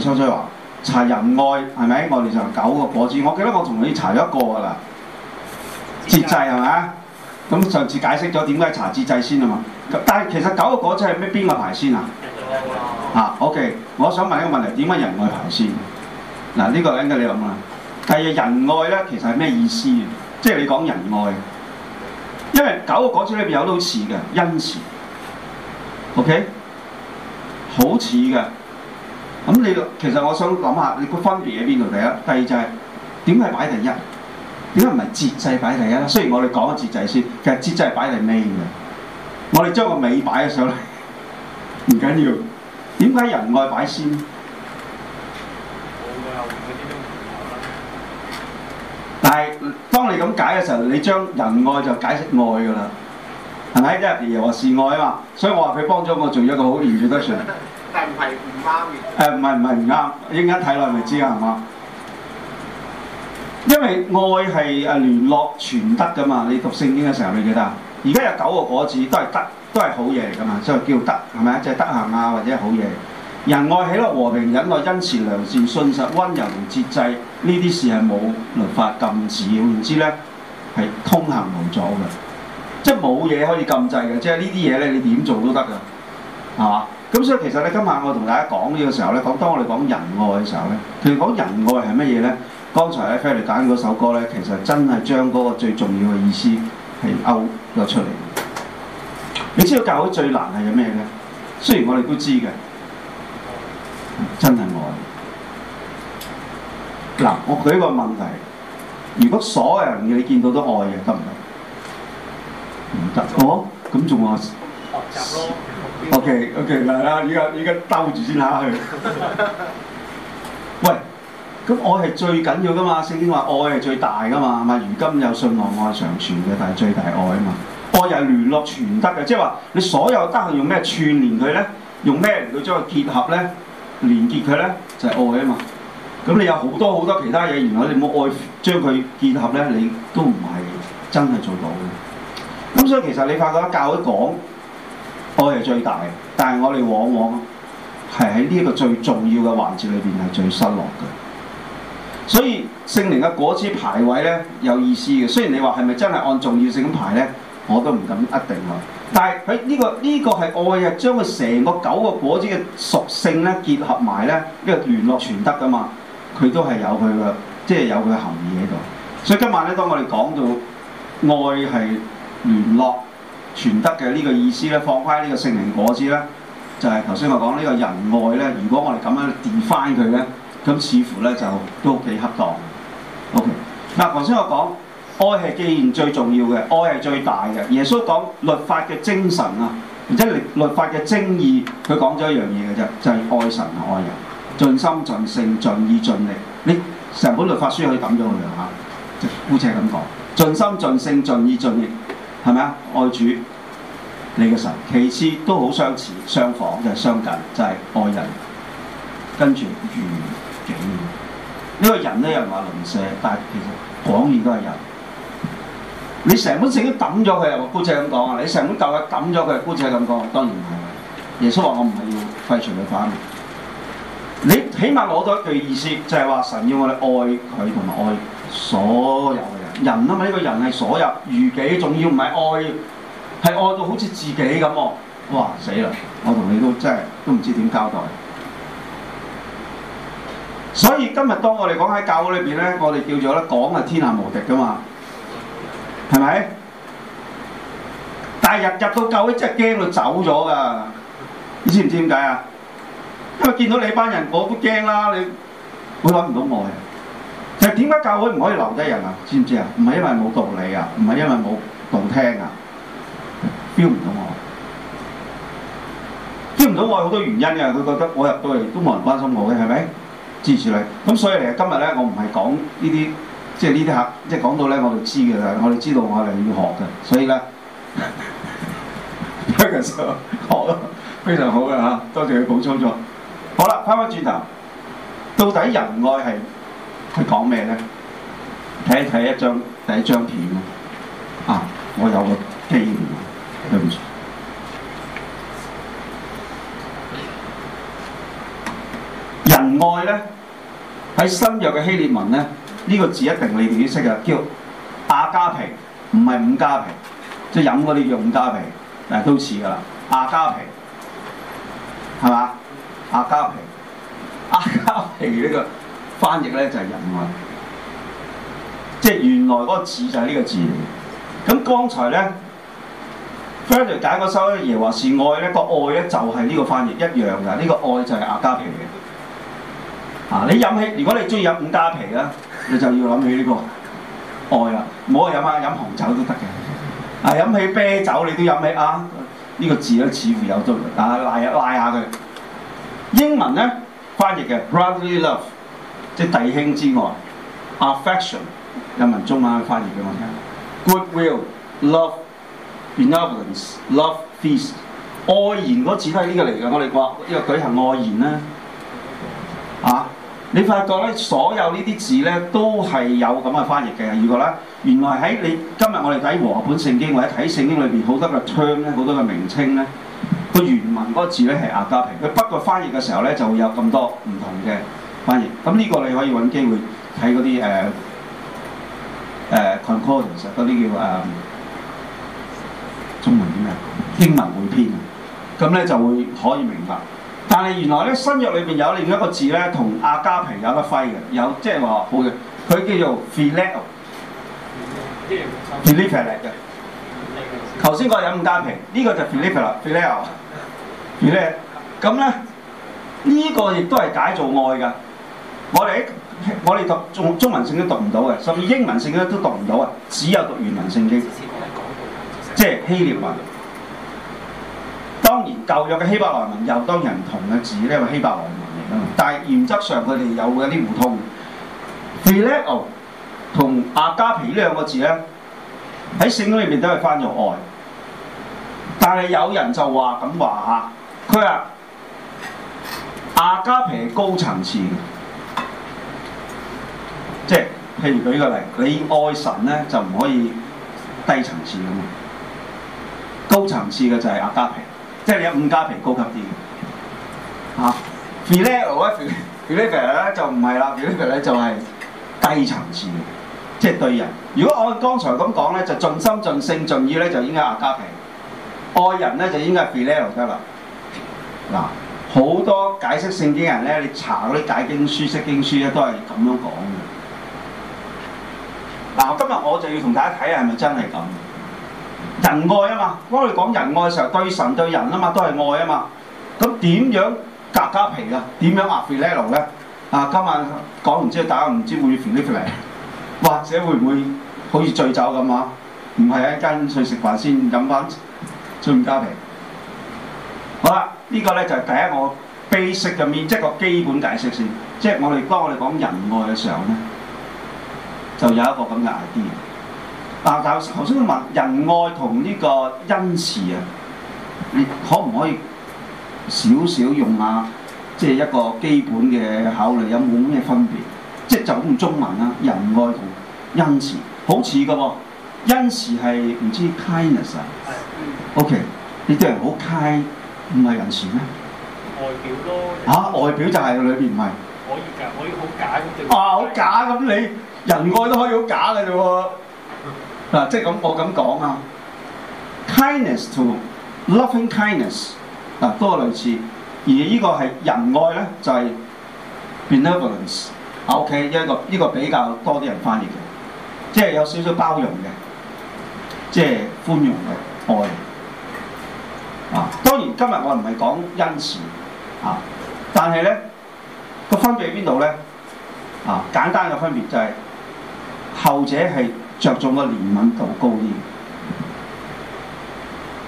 初初話查仁愛係咪？我哋就九個果子，我記得我同你查咗一個㗎啦。節制係咪？咁上次解釋咗點解查節制先啊嘛。但係其實九個果子係咩邊個排先啊？嚇、啊、OK，我想問一個問題，點解仁愛排先？嗱、這、呢個應該你諗啦。第二仁愛咧，其實係咩意思？即係你講仁愛，因為九個果子裏邊有都似嘅，恩慈 OK，好似嘅。咁你其實我想諗下，你個分別喺邊度第一，第二就係點解擺第一？點解唔係節制擺第一咧？雖然我哋講節制先，其實節制係擺嚟尾嘅。我哋將個尾擺上嚟，唔緊要。點解仁愛擺先？但係當你咁解嘅時候，你將仁愛就解釋愛㗎啦，係咪？即係譬如話是愛啊嘛？所以我話佢幫咗我做一個好完滿但係唔係唔啱？誒唔係唔係唔啱，一陣間睇落咪知啊，係嘛？因為愛係啊聯絡全德噶嘛，你讀聖經嘅時候你記得，而家有九個果子都係德，都係好嘢嚟噶嘛，就叫德，係咪？即係德行啊，或者好嘢。仁愛、喜樂、和平、忍耐、恩慈、良善、信實、溫柔同節制呢啲事係冇律法禁止，唔知咧係通行無阻嘅，即係冇嘢可以禁制嘅，即係呢啲嘢咧你點做都得㗎，係嘛？咁、嗯、所以其實咧，今晚我同大家講呢個時候咧，講當我哋講仁愛嘅時候咧，其實講仁愛係乜嘢咧？剛才咧菲力揀嗰首歌咧，其實真係將嗰個最重要嘅意思係勾咗出嚟。你知道教會最難係有咩咧？雖然我哋都知嘅，真係愛。嗱，我舉一個問題：如果所有人嘅你見到都愛嘅，得唔得？唔得哦，咁仲話？O K O K，嗱啦，依家依家兜住先嚇去。 喂，咁愛係最緊要噶嘛？聖經話愛係最大噶嘛？咪如今有信望愛常存嘅，但係最大愛啊嘛。愛又係聯絡全德嘅，即係話你所有得係用咩串連佢咧？用咩嚟到將佢結合咧？連結佢咧就係愛啊嘛。咁你有好多好多其他嘢，原來你冇愛將佢結合咧，你都唔係真係做到嘅。咁所以其實你發覺教會講。愛係最大，但係我哋往往係喺呢一個最重要嘅環節裏邊係最失落嘅。所以聖靈嘅果子排位咧有意思嘅，雖然你話係咪真係按重要性咁排咧，我都唔敢一定話。但係佢呢個呢、呢個係愛啊，將佢成個九個果子嘅屬性咧結合埋咧，呢個聯絡全德㗎嘛。佢都係有佢嘅，即、就、係、是、有佢嘅含義喺度。所以今晚咧，當我哋講到愛係聯絡。全德嘅呢個意思咧，放翻呢個聖靈果子咧，就係頭先我講呢個仁愛咧。如果我哋咁樣 define 佢咧，咁似乎咧就都幾恰當。OK。嗱，頭先我講愛係既然最重要嘅，愛係最大嘅。耶穌講律法嘅精神啊，而且律法嘅精義，佢講咗一樣嘢嘅啫，就係愛神愛人，盡心盡性盡意盡力。你成本律法書可以揼咗佢啊嚇，即姑且咁講，盡心盡性盡意盡力，係咪啊？愛主你嘅神，其次都好相似，相仿，就係相近，就係、是、愛人。跟住如己，呢個人咧有人話鄰舍，但係其實講而都係人。你成本聖經都揼咗佢，阿姑姐咁講啊！你成本舊約揼咗佢，係咪姑姐咁講？當然唔係。耶穌話，我唔係要廢除律法嘅。你起碼攞到一句意思，就係、是、話神要我哋愛佢同埋愛所有。人啊嘛，呢、這個人係所有如己，仲要唔係愛，係愛到好似自己咁喎、啊。哇！死啦，我同你都真係都唔知點交代。所以今日當我哋講喺教會裏邊咧，我哋叫做咧講係天下無敵噶嘛，係咪？但係日日到舊咧，真係驚到走咗㗎。你知唔知點解啊？因為見到你班人，我都驚啦。你我諗唔到愛。就係點解教會唔可以留低人啊？知唔知啊？唔係因為冇道理啊，唔係因為冇動聽啊，feel 唔到我，feel 唔到我好多原因嘅、啊。佢覺得我入到嚟都冇人關心我嘅，係咪？支持你。咁所以嚟今日咧，我唔係講呢啲，即係呢啲客，即係講到咧，我哋知嘅啦。我哋知道我哋要學嘅，所以咧，今日上學非常好嘅嚇，多謝你補充咗。好啦，翻返轉頭，到底仁愛係？佢講咩咧？睇一睇一張第一張片啊，我有個機會對唔住。仁愛咧喺新約嘅希臘文咧呢、呢個字一定你哋都識嘅，叫阿加皮，唔係五加皮，即係飲嗰啲叫五加皮誒，都似㗎啦。阿加皮係嘛？阿加皮阿加皮呢、呢個。翻譯咧就係、是、仁愛，即係原來嗰個字就係呢個字。咁、嗯嗯、剛才咧，Fredery 揀嗰首咧，耶和華持人持人是愛咧，個愛咧就係、是、呢個翻譯一樣㗎。呢、這個愛就係阿加皮嘅。啊，你飲起，如果你中意飲五加皮咧，你就要諗起呢、這個愛啊。唔好話飲啊，飲紅酒都得嘅。啊，飲起啤酒你都飲起啊。呢、這個字咧似乎有足，但係拉拉下佢。英文咧翻譯嘅 brotherly love。即弟兄之外，affection 有文中文翻譯畀我聽，goodwill、Good will, love、benevolence、love feast、愛言嗰字都係呢、這個嚟嘅。我哋、這個、話呢個舉行愛言啦，嚇、啊！你發覺咧，所有呢啲字咧都係有咁嘅翻譯嘅。如果咧，原來喺你今日我哋睇和合本聖經或者睇聖經裏邊好多嘅 term 咧，好多嘅名稱咧，個原文嗰個字咧係阿家平，佢不過翻譯嘅時候咧就會有咁多唔同嘅。反而咁呢個你可以揾機會睇嗰啲誒誒 concordance 實嗰啲叫誒中文點啊英文會編啊，咁咧就會可以明白。但係原來咧新約裏邊有另一個字咧，同阿加皮有得揮嘅，有即係話好嘅，佢、哦哦啊、叫做 phileo，phileo 嘅。頭先我飲五加皮，呢個就 phileo 啦，phileo，phil，咁咧呢個亦都係解做愛㗎。樣我哋我哋讀中中文聖經都讀唔到嘅，甚至英文聖經咧都讀唔到啊！只有讀原文聖經，即希臘文。當然舊約嘅希伯來文又當然唔同嘅字咧，因為希伯來文嚟噶嘛。但係原則上佢哋有嗰啲互通。phileo 同阿加皮呢兩個字咧，喺聖經裏面都係翻作愛。但係有人就話咁話嚇，佢話阿加皮係高層次嘅。即係譬如舉個例，你愛神咧就唔可以低層次嘅嘛，高層次嘅就係阿加皮，即係你有五加皮高級啲嘅嚇。phileo 咧就唔係啦咧，就係、是、低層次嘅，即係對人。如果按剛才咁講咧，就盡心盡性盡意咧就應該阿加皮，愛人咧就應該係 phileo 得啦。嗱、啊，好多解釋聖經人咧，你查啲解經書釋經書咧都係咁樣講嘅。嗱，今日我就要同大家睇下係咪真係咁。仁愛啊嘛，當我哋講仁愛嘅時候，對神對人啊嘛，都係愛啊嘛。咁點樣格加皮啊？點樣阿菲勒隆呢？啊，今晚講完之後，大家唔知會唔會翻嚟，或者會唔會好似醉酒咁啊？唔係一陣間去食飯先飲翻醉五加皮。好啦，呢個咧就係第一個 basic 嘅 meaning，即係個基本解釋先。即係我哋當我哋講仁愛嘅時候咧。就有一個咁嘅 idea，但但頭先問仁愛同呢個恩慈啊，你可唔可以少少用下即係一個基本嘅考慮有冇咩分別？即係就用中文啦，仁愛同恩慈好似㗎喎，恩慈係唔知 kindness 啊、嗯、？O.K. 你對人好 kind 唔係仁慈咩、啊？外表咯、就是。嚇外表就係裏邊唔係？可以㗎，可以好假嘅啊，好假咁你？仁愛都可以好假嘅啫喎，嗱、啊、即係咁，我咁講啊，kindness to loving kindness，嗱，都係類似，而呢個係仁愛咧就係 benevolence，OK，一個依個比較多啲人翻譯嘅，即係有少少包容嘅，即係寬容嘅愛，啊當然今日我唔係講恩慈，啊但係咧個分別喺邊度咧？啊簡單嘅分別就係、是。後者係着重個憐憫度高啲，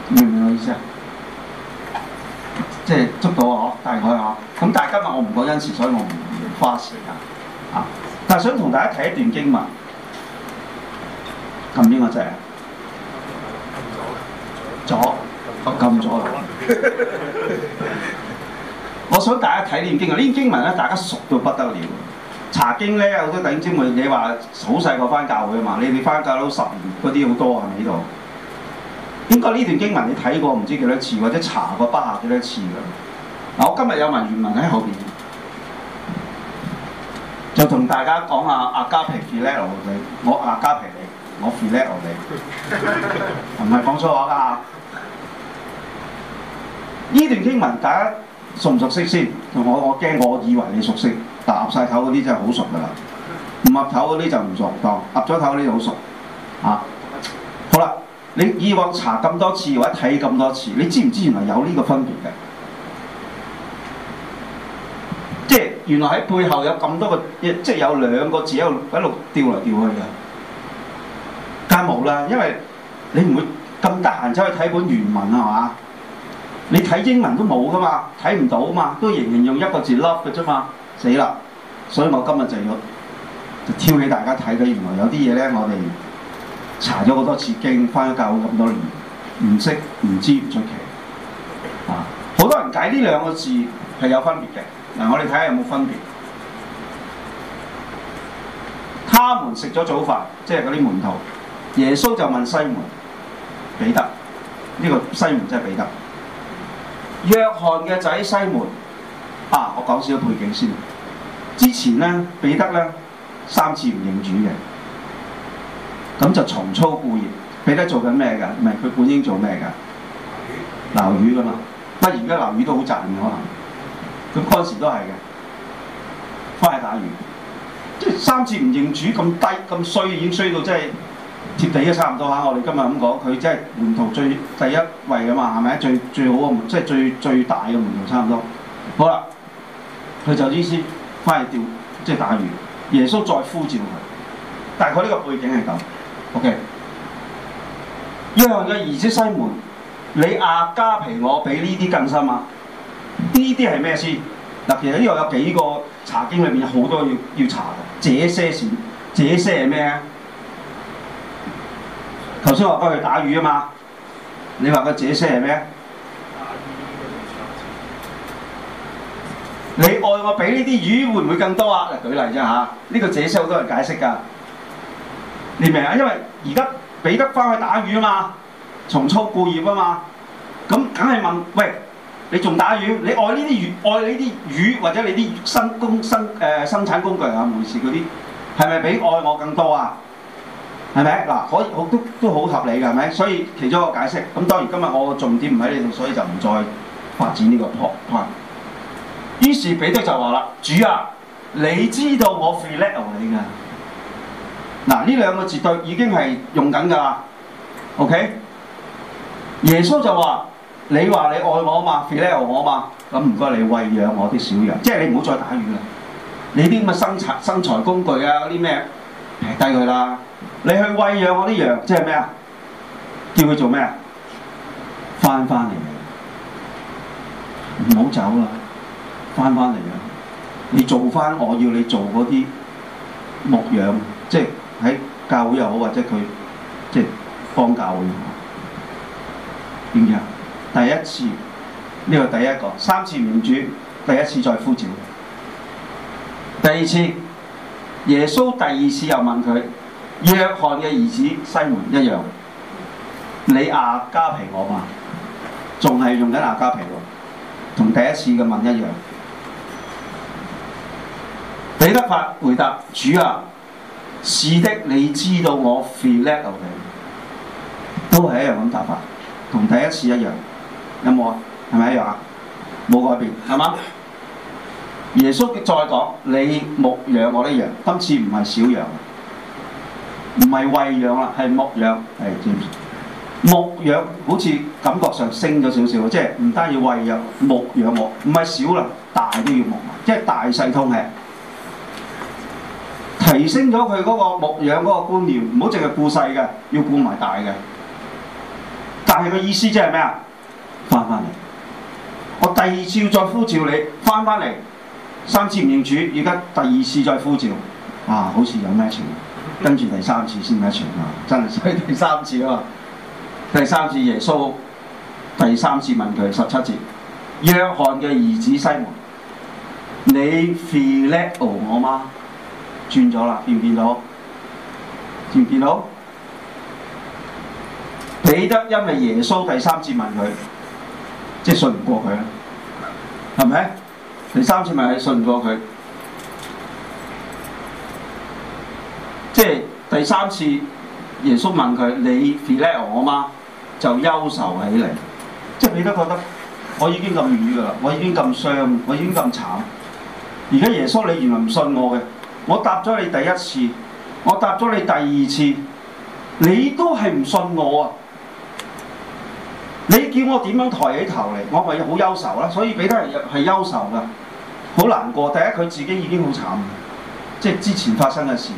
明唔明我意思啊？即係捉到啊！呵，大概啊！咁但係今日我唔講恩慈，所以我唔花時間啊！但係想同大家睇一段經文，撳邊個掣啊？左，我撳左，我想大家睇呢段經文，呢段經文咧，大家熟到不得了。查經咧，好多弟兄姊妹。你你話好細個翻教會啊嘛？你哋翻教都十年嗰啲好多係咪呢度？應該呢段經文你睇過唔知幾多次，或者查過不下幾多次㗎。嗱，我今日有原文喺後邊，就同大家講下阿嘉皮菲勒，我我阿嘉皮你我菲勒 我你唔係講粗話㗎。呢段經文大家熟唔熟悉先？我我驚，我以為你熟悉。揼曬頭嗰啲真係好熟噶啦，唔合頭嗰啲就唔作唔當，揼咗頭嗰啲就好熟。啊，好啦，你以往查咁多次或者睇咁多次，你知唔知原來有呢個分別嘅？即係原來喺背後有咁多個，即係有兩個字喺度一路調嚟調去嘅。梗係冇啦，因為你唔會咁得閒走去睇本原文係嘛。你睇英文都冇噶嘛，睇唔到嘛，都仍然用一個字 love 嘅啫嘛。死啦！所以我今日就要就挑起大家睇嘅。原來有啲嘢咧，我哋查咗好多次經，翻咗教會咁多年，唔識唔知唔出奇啊！好多人解呢兩個字係有分別嘅。嗱，啊，我哋睇下有冇分別？他們食咗早飯，即係嗰啲門徒。耶穌就問西門彼得：呢個西門即係彼得。約翰嘅仔西門啊！我講少少背景先。之前呢，彼得呢，三次唔認主嘅，咁就重操故業。彼得做緊咩㗎？唔係佢本應做咩㗎？撈魚㗎嘛。不過而家撈魚都好賺嘅可能。佢嗰時都係嘅，返去打魚。即係三次唔認主咁低咁衰，已經衰到即係貼地都差唔多嚇。我哋今日咁講，佢即係門徒最第一位㗎嘛，係咪？最最好嘅門，即係最最大嘅門徒差唔多。好啦，佢就醫先。翻去釣，即係打魚。耶穌再呼召佢，大概呢個背景係咁，OK、嗯。約翰嘅兒子西門，你亞加皮我比呢啲更深啊！呢啲係咩先？嗱，其實呢度有幾個查經裏面有好多要要查嘅。這些事，這些係咩？頭先我講佢打魚啊嘛，你話佢這些係咩？你愛我比呢啲魚會唔會更多啊？嗱，舉例啫嚇，呢個解釋好多人解釋噶，你明啊？因為而家俾得翻去打魚啊嘛，重操故業啊嘛，咁梗係問喂，你仲打魚？你愛呢啲魚，愛呢啲魚或者你啲生工生誒生產工具啊、門市嗰啲，係咪比愛我更多啊？係咪？嗱，可以都都好合理㗎，係咪？所以其中一個解釋。咁當然今日我嘅重點唔喺呢度，所以就唔再發展呢個 t 於是彼得就話啦，主啊，你知道我 filial 你㗎。嗱呢兩個字對已經係用緊㗎 O K。Okay? 耶穌就話，你話你愛我嘛 filial 我嘛。咁唔該你餵養我啲小羊，即係你唔好再打漁啦。你啲咁嘅生財生財工具啊，啲咩撇低佢啦。你去餵養我啲羊，即係咩？叫佢做咩啊？翻返嚟，唔好走啦。翻翻嚟啊！你做翻我要你做嗰啲牧羊，即係喺教會又好，或者佢即係方教會，點樣？第一次呢、呢個第一個三次民主，第一次再呼召，第二次耶穌第二次又問佢，約翰嘅兒子西門一樣，你亞加皮我嘛，仲係用緊亞加皮喎，同第一次嘅問一樣。回答主啊，是的，你知道我 fit e e 叻啊你，Okay. 都係一樣咁答法，同第一次一樣，有冇啊？係咪一樣啊？冇改變，係嘛？耶穌再講，你牧養我都一樣，今次唔係小羊，唔係喂養啦，係、哎、牧養，係知唔知？牧養好似感覺上升咗少少，即係唔單要喂養，牧養我，唔係小啦，大都要牧，即係大細通吃。提升咗佢嗰個牧養嗰個觀念，唔好淨係顧細嘅，要顧埋大嘅。但係個意思即係咩啊？翻翻嚟，我第二次再呼召你翻翻嚟，三次唔認主，而家第二次再呼召，啊，好似有咩情？跟住第三次先咩情？啊！真係所以第三次啊嘛，第三次耶穌，第三次問佢十七節，約翰嘅兒子西門，你 phileo 我嗎？轉咗啦，見唔見到，見唔見到？彼得因為耶穌第三次問佢，即係信唔過佢啦，係咪？第三次問佢信唔過佢，即係第三次耶穌問佢：你 reject 我嗎？就憂愁起嚟，即係彼得覺得我已經咁瘀嘅啦，我已經咁傷，我已經咁慘，而家耶穌你原來唔信我嘅。我答咗你第一次，我答咗你第二次，你都係唔信我啊！你叫我點樣抬起頭嚟？我咪好憂愁啦，啊，所以彼得人係憂愁噶，好難過。第一佢自己已經好慘，即係之前發生嘅事。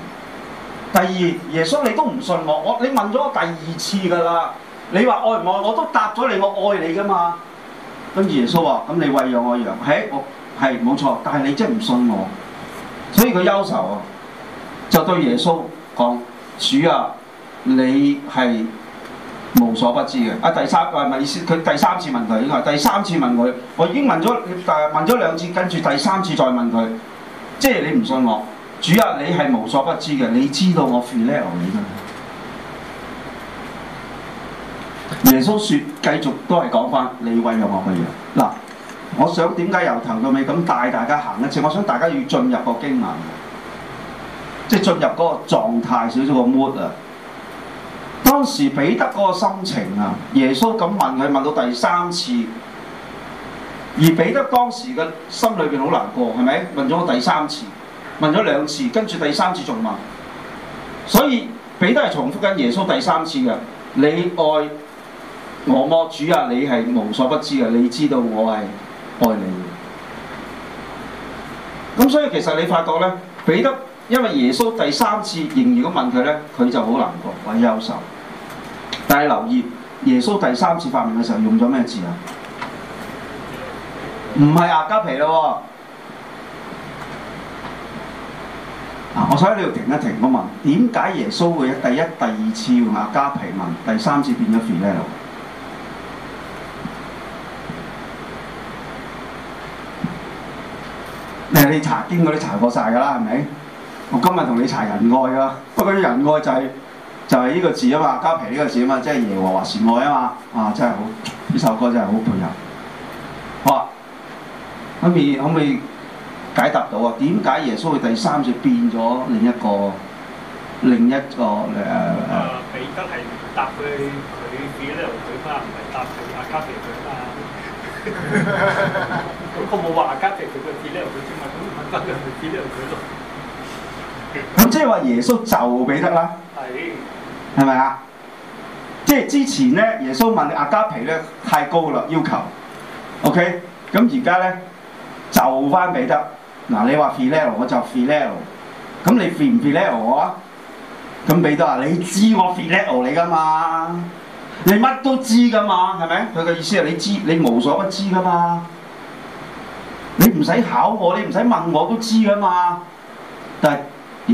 第二耶穌你都唔信我，我你問咗我第二次噶啦，你話愛唔愛我都答咗你我愛你噶嘛。跟住耶穌話咁你餵養我羊，係我係冇錯，但係你真係唔信我。所以佢憂愁啊，就對耶穌講：主啊，你係無所不知嘅。啊，第三個咪意思，佢，哎，第三次問佢，應該第三次問佢，我已經問咗，問咗兩次，跟住第三次再問佢，即係你唔信我，主啊，你係無所不知嘅，你知道我 phileo 你嘅。耶穌説：繼續都係講翻，你餵養我嘅羊。嗱。我想點解由頭到尾咁帶大家行一次？我想大家要進入個經文，即係進入嗰個狀態，少少個 mood 啊。當時彼得嗰個心情啊，耶穌咁問佢問到第三次，而彼得當時嘅心裏邊好難過，係咪？問咗我第三次，問咗兩次，跟住第三次仲問。所以彼得係重複緊耶穌第三次嘅：你愛我麼，主啊？你係無所不知嘅，你知道我係愛你，咁所以其實你發覺呢，彼得因為耶穌第三次仍然咁問佢呢，佢就好難過，好憂愁。但係留意耶穌第三次發問嘅時候用咗咩字啊？唔係阿加皮咯，哦，啊！我想喺呢度停一停，我問點解耶穌會第一、第二次用阿加皮問，第三次變咗 friendship。你查經嗰啲查過晒㗎啦，係咪？我今日同你查仁愛啊，不過仁愛就係就係呢個字啊嘛，加皮呢個字啊嘛，即係耶和華是愛啊嘛，啊真係好，呢首歌真係好配合。好啊，可唔可以解答到啊？點解耶穌嘅第三次變咗另一個另一個誒誒？彼得係答佢，佢自己呢條嘴巴，唔係答佢阿加皮嘴巴。 我冇話阿加皮同佢 filial 佢啫嘛，咁問加皮係 filial 佢咯。咁 即係話耶穌就俾得啦，係是，係咪啊？即係之前咧，耶穌問你阿加皮咧太高啦要求，OK，咁而家咧就翻俾得。嗱，你話 filial，我就 filial。咁你 fil 唔 filial 啊？咁彼得話：你知我 filial 你噶嘛？你乜都知噶嘛？係咪？佢嘅意思係你知，你無所不知噶嘛？你唔使考我，你唔使問我,我都知噶嘛。但係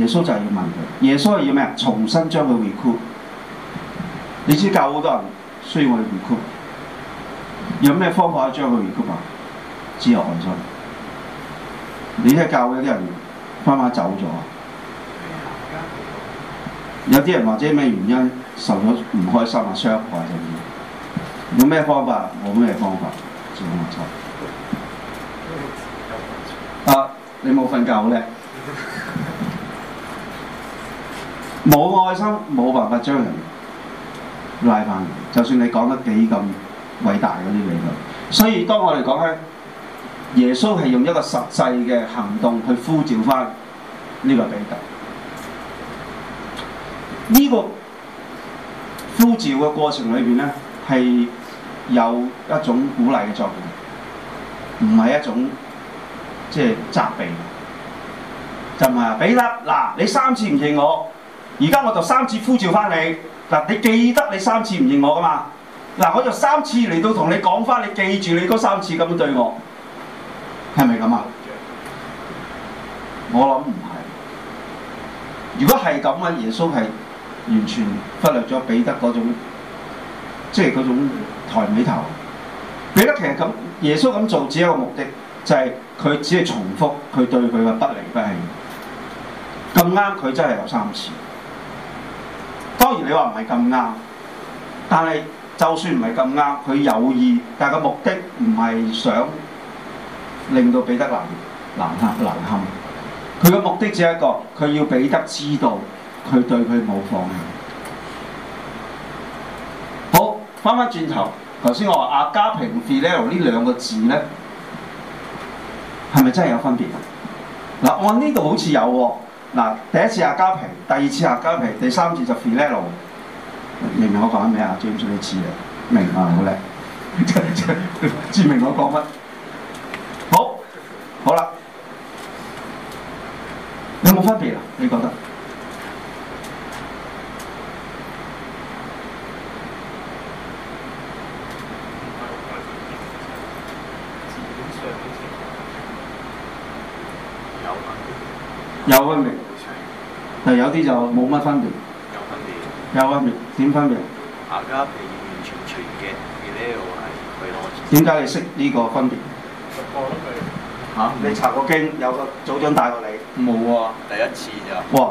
耶穌就係要問佢，耶穌係要咩啊？重新將佢回歸。你知教好多人需要我去回歸，有咩方法將佢回歸啊？只有愛心。你睇教有啲人，番番走咗，有啲人或者咩原因受咗唔開心啊，傷害啊，就咁。有咩方法？冇咩方法，只有愛心。啊！你冇瞓覺好，冇愛心，冇辦法將人拉翻，就算你講得幾咁偉大嗰啲嘢都，所以當我哋講咧，耶穌係用一個實際嘅行動去呼召翻呢個彼得。呢、呢個呼召嘅過程裏邊咧，係有一種鼓勵嘅作用，唔係一種。即係責備，就唔係彼得嗱，你三次唔認我，而家我就三次呼召翻你嗱，你記得你三次唔認我噶嘛？嗱，我就三次嚟到同你講翻，你記住你嗰三次咁樣對我，係咪咁啊？我諗唔係，如果係咁啊，耶穌係完全忽略咗彼得嗰種，即係嗰種抬起頭。彼得其實咁，耶穌咁做只有一個目的就係、是。佢只係重複佢對佢嘅不離不棄，咁啱佢真係有三次。當然你話唔係咁啱，但係就算唔係咁啱，佢有意，但個目的唔係想令到彼得難難堪難堪。佢嘅目的只係一個，佢要彼得知道佢對佢冇放棄。好，翻翻轉頭，頭先我話阿嘉平菲勒呢兩個字咧。係咪真係有分別？嗱，按呢度好似有喎。嗱，第一次阿加皮，第二次阿加皮，第三次就 filial。明唔明我講緊咩啊？最中意你啲字嘅，明啊好咧。知明我講乜？好，好啦。有冇分別啊？你覺得？有，分，有分別，有啲就冇乜分別。有分別，有分別，點分別？點解你識呢個分別？講、啊、你查過經，有個組長帶過你。冇喎了。第一次咋？哇！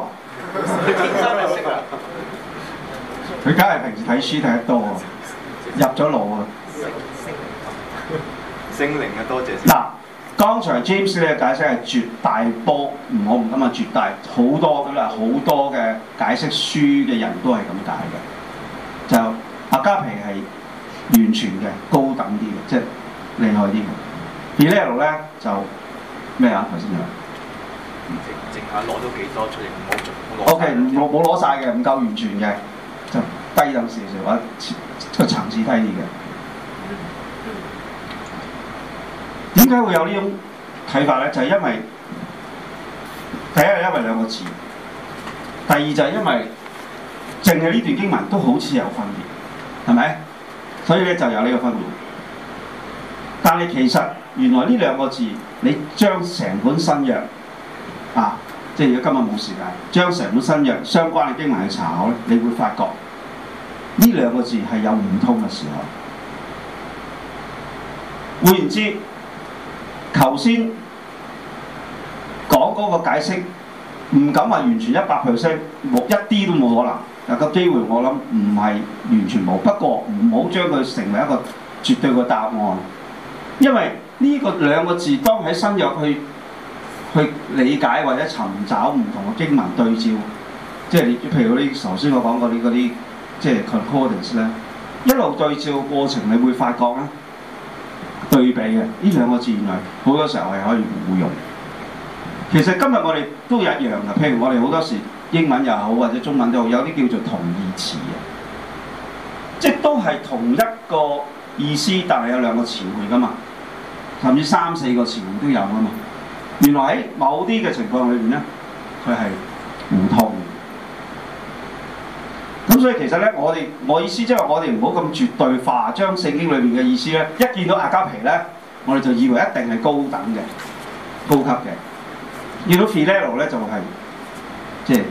佢梗係平時睇書睇得多啊，入咗腦啊。聖靈啊，0, 多謝。嗱。 剛才 James 咧解釋係絕大波，唔好唔得啊，絕大好多噶啦，好多嘅解釋書嘅人都係咁解嘅。就阿加皮係完全嘅高等啲嘅，即係厲害啲嘅。而 Leon 咧就咩啊？頭先有，淨淨下攞到幾多出嚟？唔好 o K，冇冇攞晒嘅，唔夠、okay, 完全嘅，就低等少少，或者個層次低啲嘅。點解會有種呢種睇法咧？就係、是、因為第一係因為兩個字，第二就係因為淨係呢段經文都好似有分別，係咪？所以咧就有呢個分別。但係其實原來呢兩個字，你將成本新約啊，即係如果今日冇時間，將成本新約相關嘅經文去查考，咧，你會發覺呢兩個字係有唔通嘅時候。換言之，頭先講嗰個解釋，唔敢話完全一百 percent，冇一啲都冇可能。有個機會，我諗唔係完全冇，不過唔好將佢成為一個絕對嘅答案，因為呢個兩個字當喺深入去去理解或者尋找唔同嘅經文對照，即係譬如嗰啲頭先我講過啲啲即係 concordance 咧，一路對照嘅過程，你會發覺啊！對比嘅呢兩個字原來好多時候係可以互用。其實今日我哋都一樣嘅，譬如我哋好多時英文又好或者中文都好，有啲叫做同義詞嘅，即都係同一個意思，但係有兩個詞彙噶嘛，甚至三四個詞彙都有噶嘛。原來喺某啲嘅情況裏面咧，佢係互通。咁所以其實咧，我哋我意思即係我哋唔好咁絕對化，將聖經裏邊嘅意思咧，一見到阿加皮咧，我哋就以為一定係高等嘅、高級嘅；見到 filial 咧，就係即係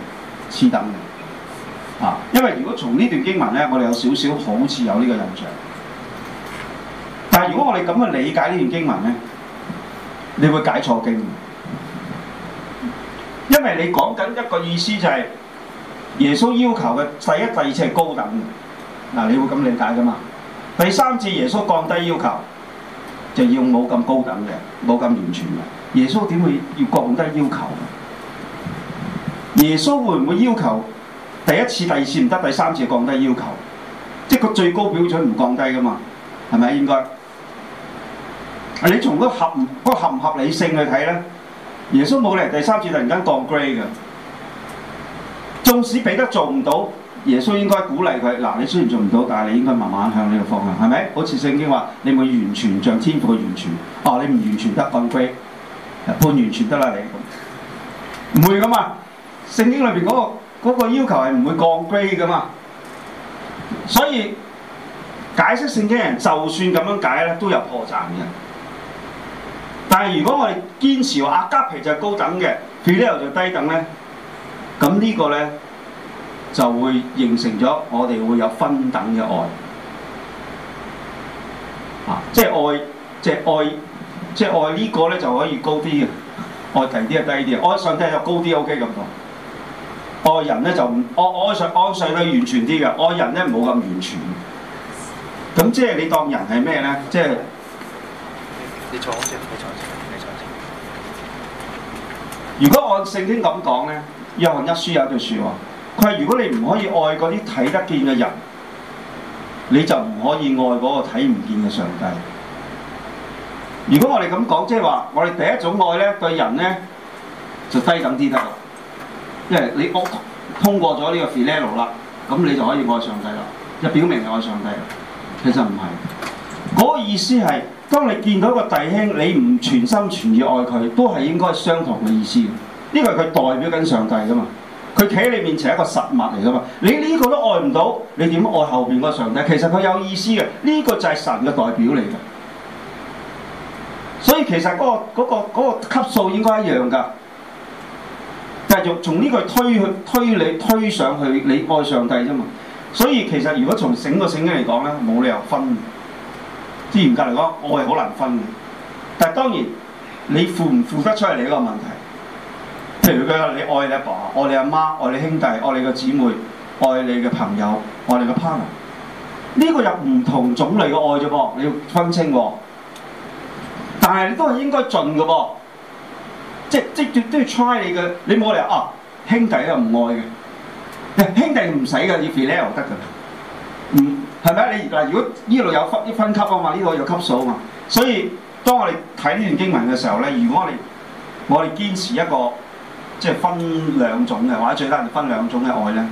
次等嘅。啊，因為如果從呢段經文咧，我哋有少少好似有呢個印象。但係如果我哋咁去理解呢段經文咧，你會解錯經嘅，因為你講緊一個意思就係。耶穌要求嘅第一、第二次係高等嘅，嗱，你會咁理解噶嘛？第三次耶穌降低要求，就要冇咁高等嘅，冇咁完全嘅。耶穌點會要降低要求？耶穌會唔會要求第一次、第二次唔得，第三次降低要求？即係個最高標準唔降低噶嘛？係咪應該？你從嗰合唔、那個、合，合理性去睇咧？耶穌冇咧，第三次突然間降 o w grade 噶。縱使彼得做唔到，耶穌應該鼓勵佢。嗱，你雖然做唔到，但係你應該慢慢向呢個方向，係咪？好似聖經話，你唔會完全像天父嘅完全。哦，你唔完全得降 grade 半完全得啦，你唔會咁啊！聖經裏邊嗰個嗰個要求係唔會降 grade 噶嘛。所以解釋聖經人就算咁樣解咧，都有破綻嘅。但係如果我哋堅持話阿加皮就係高等嘅，彼得就低等咧？咁呢個咧就會形成咗，我哋會有分等嘅愛，啊！即係愛，即係愛，即係愛呢個咧就可以高啲嘅，愛低啲就低啲，愛上帝就高啲 OK 咁講。愛人咧就唔愛愛上愛上帝完全啲嘅，愛人呢咧冇咁完全。咁即係你當人係咩咧？即係你坐一隻，你坐一隻，你坐一隻，如果按聖經咁講咧？《約翰一書》有一句説話，佢話如果你唔可以愛嗰啲睇得見嘅人，你就唔可以愛嗰個睇唔見嘅上帝。如果我哋咁講，即係話我哋第一種愛呢對人呢，就低等啲得啦，因為你通過咗呢個 f i l i e l 啦，咁你就可以愛上帝啦，就表明你愛上帝啦。其實唔係，嗰、那個意思係當你見到一個弟兄，你唔全心全意愛佢，都係應該相同嘅意思的。呢個係佢代表緊上帝噶嘛？佢企喺你面前係一個實物嚟噶嘛？你呢個都愛唔到，你點愛後邊嗰個上帝？其實佢有意思嘅，呢、這個就係神嘅代表嚟㗎。所以其實嗰、那個嗰、那個嗰、那個那個級數應該一樣㗎。就係從呢個推去推你推上去，你愛上帝啫嘛。所以其實如果從整個聖經嚟講咧，冇理由分嘅。嚴格嚟講，愛係好難分嘅。但係當然，你付唔付得出嚟係你一個問題。譬如佢話你愛你阿爸，爸，愛你阿媽，愛你兄弟，愛你個姊妹，愛你嘅朋友，愛你個 partner，呢個又唔同種類嘅愛啫噃，你要分清喎。但係你都係應該盡嘅噃，即係即係都要 try 你嘅。你冇理啊，兄弟又唔愛嘅，兄弟唔使嘅，你 fill 得嘅，嗯，係咪啊？你嗱，如果呢度有分啲分級啊嘛，呢度有級數啊嘛，所以當我哋睇呢段經文嘅時候咧，如果我哋我哋堅持一個。即係分兩種嘅，或者最難係分兩種嘅愛咧。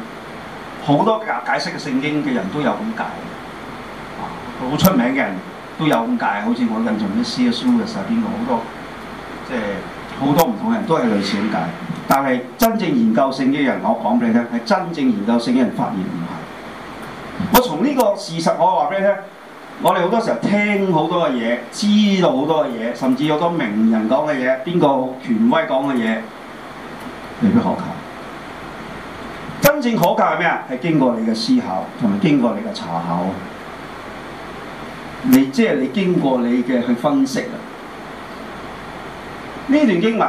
好多解解釋嘅聖經嘅人都有咁解，好出名嘅人都有咁解，好似我印象啲 C.S. Lewis 啊邊個好多，即係好多唔同人都係類似咁解。但係真正研究聖經嘅人，我講俾你聽，係真正研究聖經人發現唔係。我從呢個事實我，我話俾你聽，我哋好多時候聽好多嘅嘢，知道好多嘅嘢，甚至好多名人講嘅嘢，邊個權威講嘅嘢。未必可靠。真正可靠係咩啊？係經過你嘅思考，同埋經過你嘅查考你。你即係你經過你嘅去分析啦。呢段經文，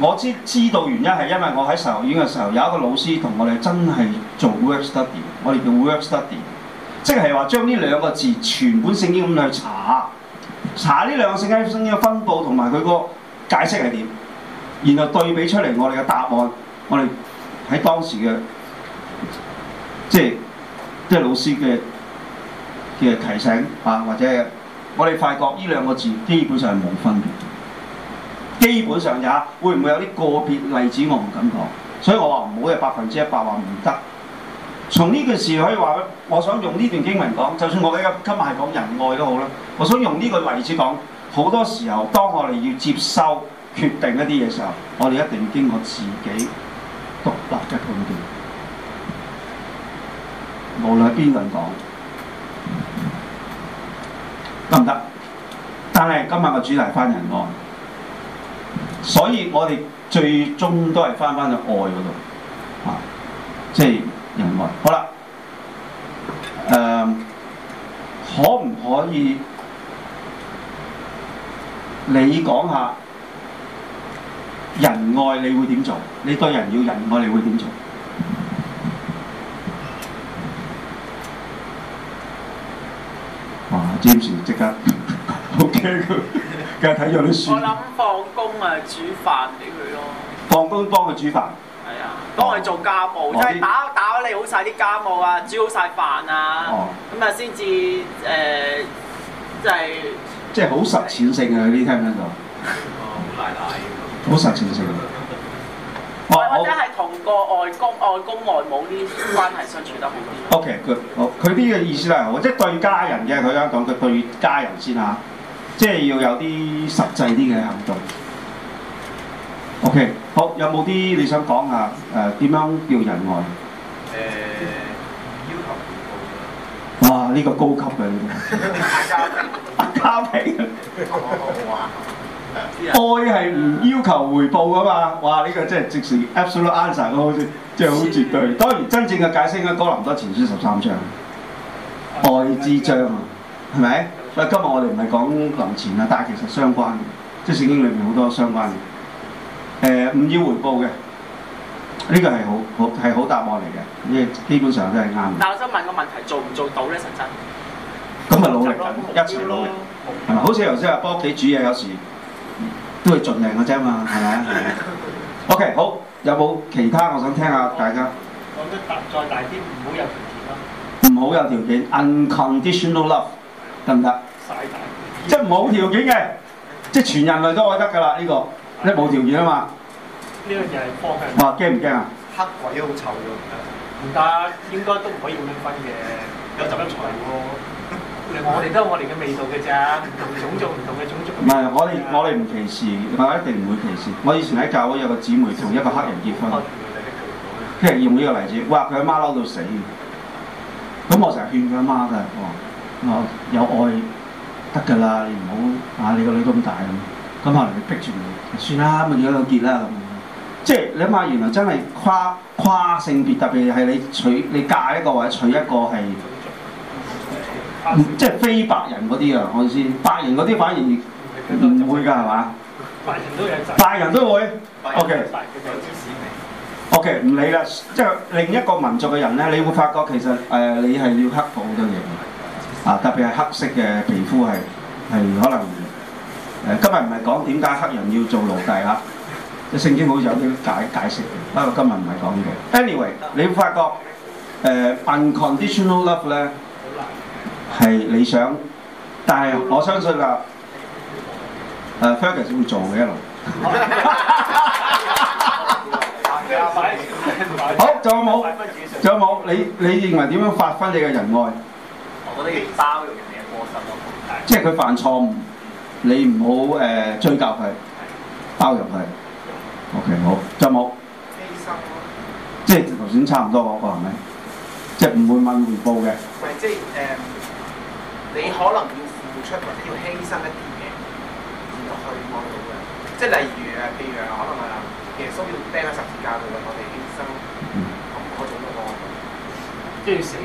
我知知道原因係因為我喺神學院嘅時候，有一個老師同我哋真係做 work study，我哋叫 work study，即係話將呢兩個字全本聖經咁去查，查呢兩個聖經嘅分布同埋佢個解釋係點。然後對比出嚟，我哋嘅答案，我哋喺當時嘅，即係老師嘅提醒啊，或者我哋發覺呢兩個字基本上係冇分別，基本上也會唔會有啲個別例子？我唔敢講，所以我話唔好係百分之一百話唔得。從呢件事可以話，我想用呢段經文講，就算我喺今日講仁愛都好啦，我想用呢個例子講，好多時候當我哋要接收。決定一啲嘢嘅時候，我哋一定要經過自己獨立嘅判斷，無論係邊個人講得唔得。但係今日嘅主題係仁愛，所以我哋最終都係翻翻去愛嗰度，啊，即係仁愛。好啦，誒、嗯，可唔可以你講下？仁愛你會點做？你對人要仁愛，你會點做？哇！James 即刻 OK 佢，梗係睇咗啲書。我諗放工啊，煮飯俾佢咯。放工幫佢煮飯。係啊，幫佢做家務，哦、即係打打理好晒啲家務啊，煮好晒飯啊。咁啊、哦，先至誒，就係、是、即係好實踐性啊！呢是聽唔聽到？奶奶。好實情性，我覺得或係同個外公、外公外母呢關係 相處得好啲。O K，佢好佢啲嘅意思係我即係對家人嘅，佢想講佢對家人先嚇，即係要有啲實際啲嘅行動。O、okay. K，好，有冇啲你想講下誒點、呃、樣叫仁愛？誒、呃、要求唔同。哇！呢、這個高級嘅呢嘉，阿嘉平。好好好啊！愛係唔要求回報噶嘛？哇！呢、這個真係即係 absolute answer 咯，好似即係好絕對。的當然，真正嘅解釋咧，哥林多前書十三章，愛之章啊，係咪？啊、嗯，今日我哋唔係講林前啊，但係其實相關嘅，即係聖經裏面好多相關嘅。誒、呃，唔要回報嘅，呢、這個係好好係好答案嚟嘅，呢基本上都係啱嘅。但我想問個問題，做唔做到咧？實質咁啊，努力緊，一齊努力。啊，好似頭先阿波屋企煮嘢有時。都係盡量嘅啫嘛，係咪啊？OK，好，有冇其他我想聽下大家？講得大再大啲，唔好有條件咯。唔好有條件，unconditional love，得唔得？曬大，即係冇條件嘅，即係全人類都可以得㗎啦呢個，即係冇條件啊嘛。呢樣嘢係科學。哇，驚唔驚啊？怕怕啊，黑鬼好醜樣，唔得，應該都唔可以咁樣分嘅，有責一財務。嗯嗯嗯嗯我哋都係我哋嘅味道嘅咋，唔同種族唔同嘅種族。唔係，我哋我哋唔歧視，我一定唔會歧視。我以前喺教會有個姊妹同一個黑人結婚，即係用呢個例子，哇！佢阿媽嬲到死嘅。咁、嗯、我成日勸佢阿媽嘅，我有愛得㗎啦，你唔好啊！你個女咁大咁，咁、嗯、後嚟逼住佢，算啦，咪結兩結啦咁。即係你諗下，原來真係跨跨性別，特別係你娶你嫁一個或者娶一個係。即係非白人嗰啲啊，我意思，白人嗰啲反而唔會㗎，係嘛？白人都有，白人都會。O K，O K，唔理啦，即係另一個民族嘅人咧，你會發覺其實誒、呃、你係要克服好多嘢啊，特別係黑色嘅皮膚係係可能誒、呃、今日唔係講點解黑人要做奴隸啊，聖經好似有啲解解釋嘅，但我不過今日唔係講呢個。Anyway，你會發覺誒、呃、unconditional love 咧？係理想，但係我相信啊，誒 Fergus 會做嘅一路。好，仲有冇？仲有冇？你你認為點樣發揮你嘅仁愛？我覺得包容人哋嘅過失咯。即係佢犯錯誤，你唔好誒追究佢，包容佢。OK，好，仲有冇？即係頭先差唔多嗰個係咪？即係唔會問回報嘅。咪即係誒？你可能要付出或者要犧牲一啲嘢，嚟到去望到嘅，即係例如誒，譬如可能啊，耶穌要釘喺十字架度啊，我哋犧牲咁嗰種嘅愛，即係死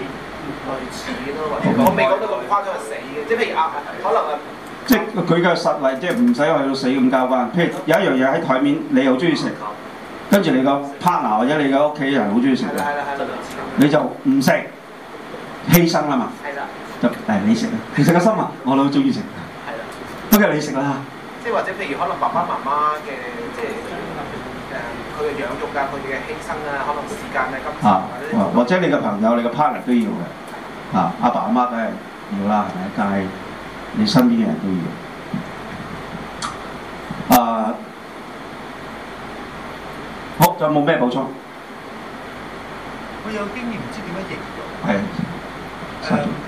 類似咯。我未講得咁誇張，係死嘅，即係譬如啊，可能啊， 即係舉個實例，即係唔使去到死咁交關。譬如有一樣嘢喺台面，你又中意食，Okay. 跟住你個 partner 或者你嘅屋企人好中意食嘅， 你就唔食，犧牲啦嘛。就你食啊！其實個心啊，我都好中意食。係啦，都係你食啦。即係或者譬如可能爸爸媽媽嘅即係佢嘅養育啊，佢哋嘅犧牲啊，可能冇時間咧，今、啊、或者你嘅朋友、你嘅 partner 都要嘅。啊，阿爸阿媽梗係要啦，係咪？但係你身邊嘅人都要。啊，好，就冇咩補充。我有經驗，唔知點樣形容。係。誒。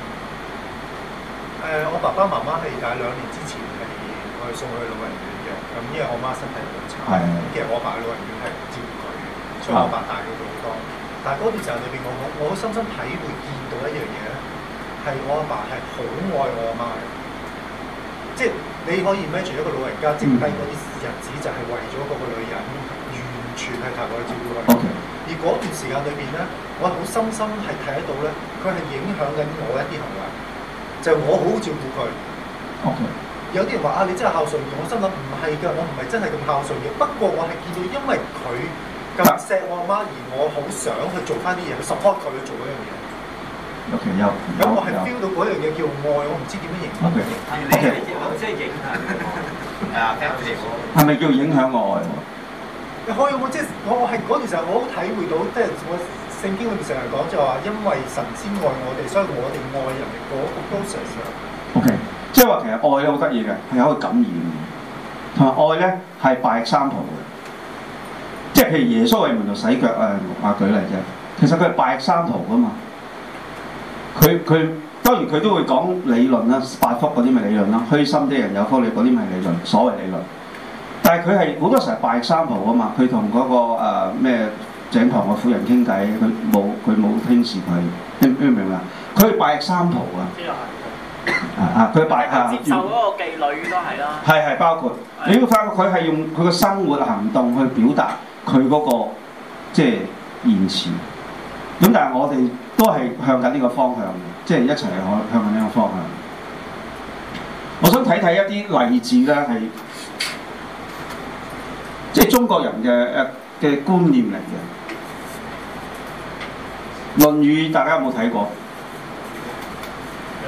誒，我爸爸媽媽係大兩年之前係我去送去老人院嘅。咁因為我媽身體好差，咁的其實我阿爸、爸老人院係唔照顧佢嘅，所以我爸大佢好多。但係嗰段時間裏邊，我好我好深深體會見到一樣嘢咧，係我阿爸係好愛我阿媽嘅。即係你可以孭住一個老人家剩低嗰啲日子就係為咗嗰個女人，完全係投愛照顧佢。嗯、而嗰段時間裏邊咧，我好深深係睇到咧，佢係影響緊我一啲行為。就我好好照顧佢，有啲人話啊，你真係孝順，我心諗唔係㗎，我唔係真係咁孝順嘅。不過我係見到因為佢咁錫我阿媽，而我好想去做翻啲嘢去 support 佢去做嗰樣嘢。又又咁我係 feel 到嗰樣嘢叫愛，我唔知點樣形容。O K O K O K，係咪叫影響愛？你可以我即係我係嗰段時候我好體會到，即係點？聖經裏邊成日講就話，因為神先愛我哋，所以我哋愛人，我我都常常。OK，即係話其實愛咧好得意嘅，係有一個感染嘅。同埋愛咧係拜三頭嘅，即係譬如耶穌為門徒洗腳啊，話舉例啫。其實佢係拜三頭噶嘛。佢佢當然佢都會講理論啦，八福嗰啲咪理論啦，虛心啲人有福利嗰啲咪理論，所謂理論。但係佢係好多時候拜三頭啊嘛，佢同嗰個咩？呃井旁嘅婦人傾偈，佢冇佢冇輕視佢，你明唔明啊？佢拜三徒啊！啊佢拜下，接受嗰個妓女都係啦。係係，包括的你會發覺佢係用佢嘅生活行動去表達佢嗰個即係言辭。咁但係我哋都係向緊呢個方向嘅，即係一齊可向緊呢個方向。我想睇睇一啲例子啦，係即係中國人嘅嘅觀念嚟嘅。《論語》大家有冇睇過？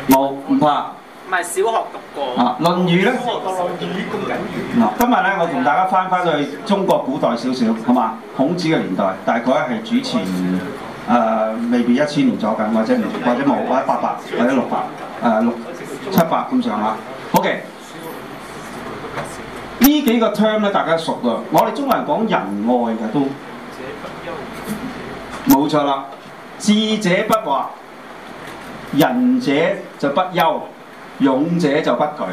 冇唔、嗯、怕。唔係小學讀過。啊，論呢《論語》咧。啊，今日咧，我同大家翻翻去中國古代少少，好嘛？孔子嘅年代大概係主前，誒、呃，未必一千年左近，或者或者冇，或者八百，800，或者六百、呃，誒，六七百咁上下。O K，呢幾個 term 咧，大家熟噶，我哋中國人講仁愛嘅都，冇錯啦。智者不惑，仁者就不憂，勇者就不懼。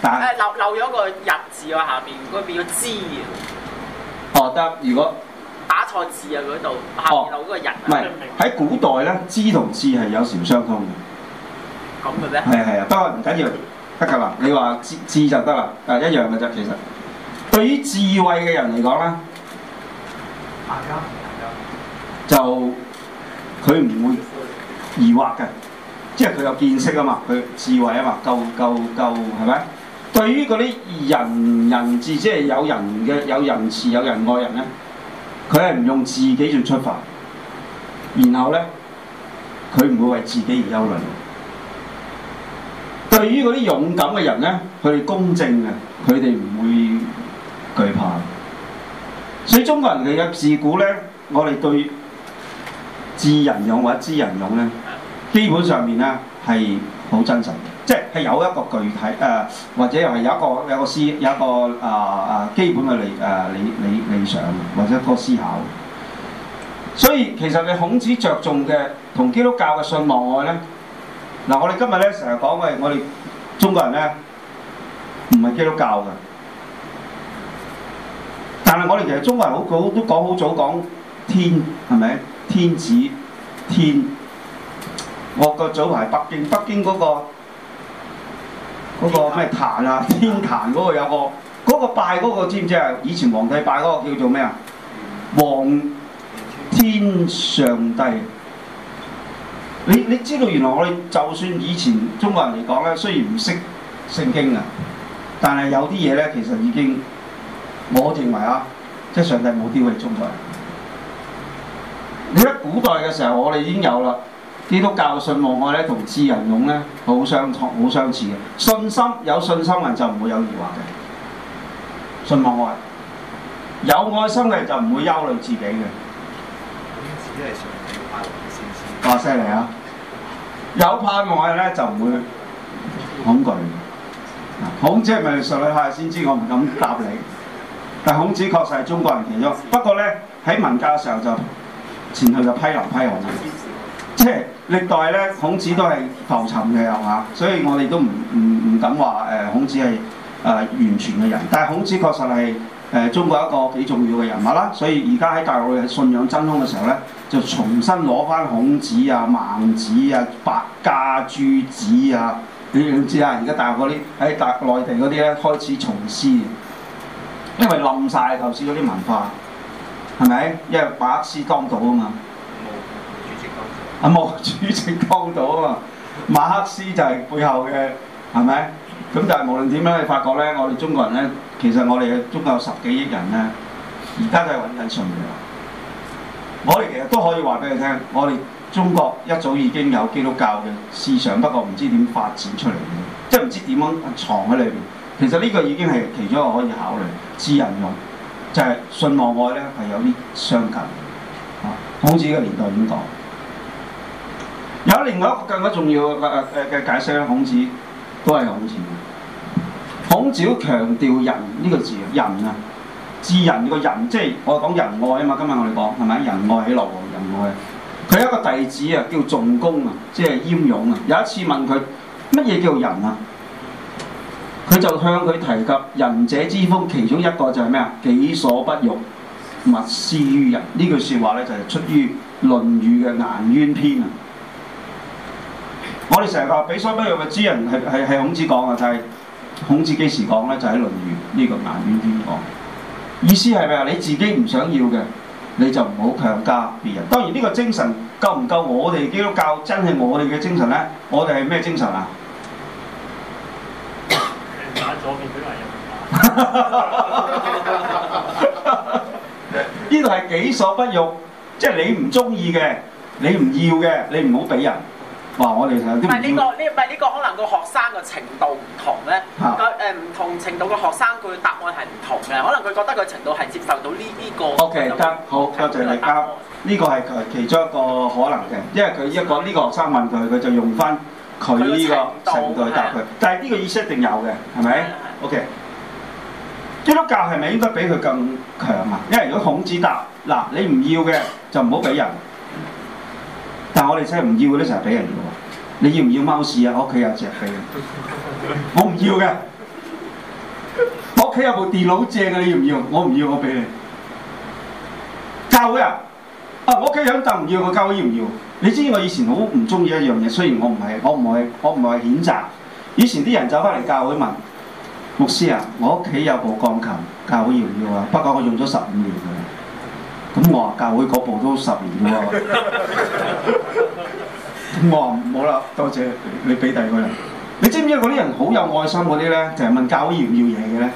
但係誒漏漏咗個日」字喎、啊，下邊嗰邊個智。知啊、哦得，如果打錯字啊，嗰度下邊漏嗰個仁。唔係喺古代咧，知」同智係有時相通嘅。咁嘅啫。係係啊，不過唔緊要，得㗎啦。你話智智就得啦，誒一樣嘅啫。其實對於智慧嘅人嚟講咧，嗯嗯嗯嗯、就。嗯嗯佢唔會疑惑嘅，即係佢有見識啊嘛，佢智慧啊嘛，夠夠夠係咪？對於嗰啲人人智，即係有人嘅有仁慈、有人愛人咧，佢係唔用自己去出發，然後咧佢唔會為自己而憂慮。對於嗰啲勇敢嘅人咧，佢哋公正嘅，佢哋唔會懼怕。所以中國人嘅自古咧，我哋對。智人勇或者知人勇呢，基本上面呢，係好真實嘅，即係有一個具體誒、呃，或者又係有一個有一個思有一個啊啊、呃、基本嘅理誒、呃、理理理想或者一個思考。所以其實你孔子着重嘅同基督教嘅信望愛呢，嗱、呃、我哋今日呢，成日講嘅，我哋中國人呢，唔係基督教嘅，但係我哋其實中國人好早都講好早講天係咪？天子天，我個早排北京北京嗰個嗰個咩壇啊，天壇嗰個有個嗰個拜嗰個知唔知啊？以前皇帝拜嗰個叫做咩啊？皇天上帝，你你知道原來我哋就算以前中國人嚟講咧，雖然唔識聖經啊，但係有啲嘢咧其實已經我認為啊，即係上帝冇啲為中國人。你喺古代嘅時候，我哋已經有啦。基督教嘅信望愛咧，同智仁勇咧，好相牴，好相似嘅。信心有信心人就唔會有疑惑嘅，信望愛有愛心嘅人就唔會憂慮自己嘅。哇、嗯，犀利啊！有盼望嘅咧就唔會恐懼。孔子係咪上帝派先知？我唔敢答你。但孔子確實係中國人其中。不過咧喺文教嘅時候就。前去嘅批林批孔，即係歷代呢，孔子都係浮沉嘅嚇，所以我哋都唔唔敢話誒、呃、孔子係誒、呃、完全嘅人。但係孔子確實係誒、呃、中國一個幾重要嘅人物啦，所以而家喺大陸信仰真空嘅時候呢，就重新攞翻孔子啊、孟子啊、百家諸子啊，你都知啦，而家大陸嗰啲喺大陸內地嗰啲咧開始重視，因為冧晒頭先嗰啲文化。係咪？因為馬克思當道啊嘛，啊毛主席當道啊主席當道嘛，馬克思就係背後嘅，係咪？咁但係無論點樣，你發覺咧，我哋中國人咧，其實我哋嘅中國有十幾億人咧，而家都係揾緊信仰。我哋其實都可以話俾你聽，我哋中國一早已經有基督教嘅思想，不過唔知點發展出嚟嘅，即係唔知點樣藏喺裏邊。其實呢個已經係其中一個可以考慮，私人用。就係信望愛咧，係有啲相近啊！孔子嘅年代點講？有另外一個更加重要嘅嘅嘅解釋咧，孔子都係孔子嘅。孔子強調仁呢、這個字啊，仁啊，治人嘅、這個、仁，即係我講仁愛啊嘛。今日我哋講係咪仁愛起落啊？仁愛佢有一個弟子啊，叫仲弓啊，即係冉雍啊。有一次問佢乜嘢叫仁啊？佢就向佢提及仁者之風，其中一個就係咩啊？己所不欲，勿施於人。呢句説話呢，就係、是、出於《論語》嘅顏淵篇啊！我哋成日話，己所不欲，勿施於人，係係孔子講嘅，就係、是、孔子幾時講呢？就喺《論語》呢個顏淵篇講。意思係咪啊？你自己唔想要嘅，你就唔好強加別人。當然呢個精神夠唔夠？我哋基督教真係我哋嘅精神呢？我哋係咩精神啊？打左邊嗰個人，呢度係己所不欲，即係你唔中意嘅，你唔要嘅，你唔好俾人。話我哋係唔係呢個？呢唔係呢個、這個可的，可能個學生個程度唔同咧。嚇，唔同程度嘅學生佢答案係唔同嘅，可能佢覺得佢程度係接受到呢、這、呢個。OK，得、嗯，好是，多謝你交。呢個係佢其中一個可能嘅，因為佢一講呢個學生問佢，佢就用翻。佢呢、這個程度答佢，是啊、但係呢個意思一定有嘅，係咪？O K，基督教係咪應該比佢更強啊？因為如果孔子答嗱，你唔要嘅就唔好俾人。但係我哋真係唔要嘅，啲成日俾人。你要唔要貓屎啊？我屋企有隻係，我唔要嘅。 我屋企有部電腦借㗎，你要唔要？我唔要，我俾你。教會啊？啊，我屋企有凳唔要，個教會要唔要？你知唔知我以前好唔中意一樣嘢，雖然我唔係，我唔係，我唔係譴責。以前啲人走翻嚟教會問牧師啊，我屋企有部鋼琴，教會要唔要啊？不過我用咗十五年啦。咁我話教會嗰部都十年喎、 嗯。咁我話唔好啦，多謝你，俾第二個人。你知唔知嗰啲人好有愛心嗰啲咧，就係問教會要唔要嘢嘅咧。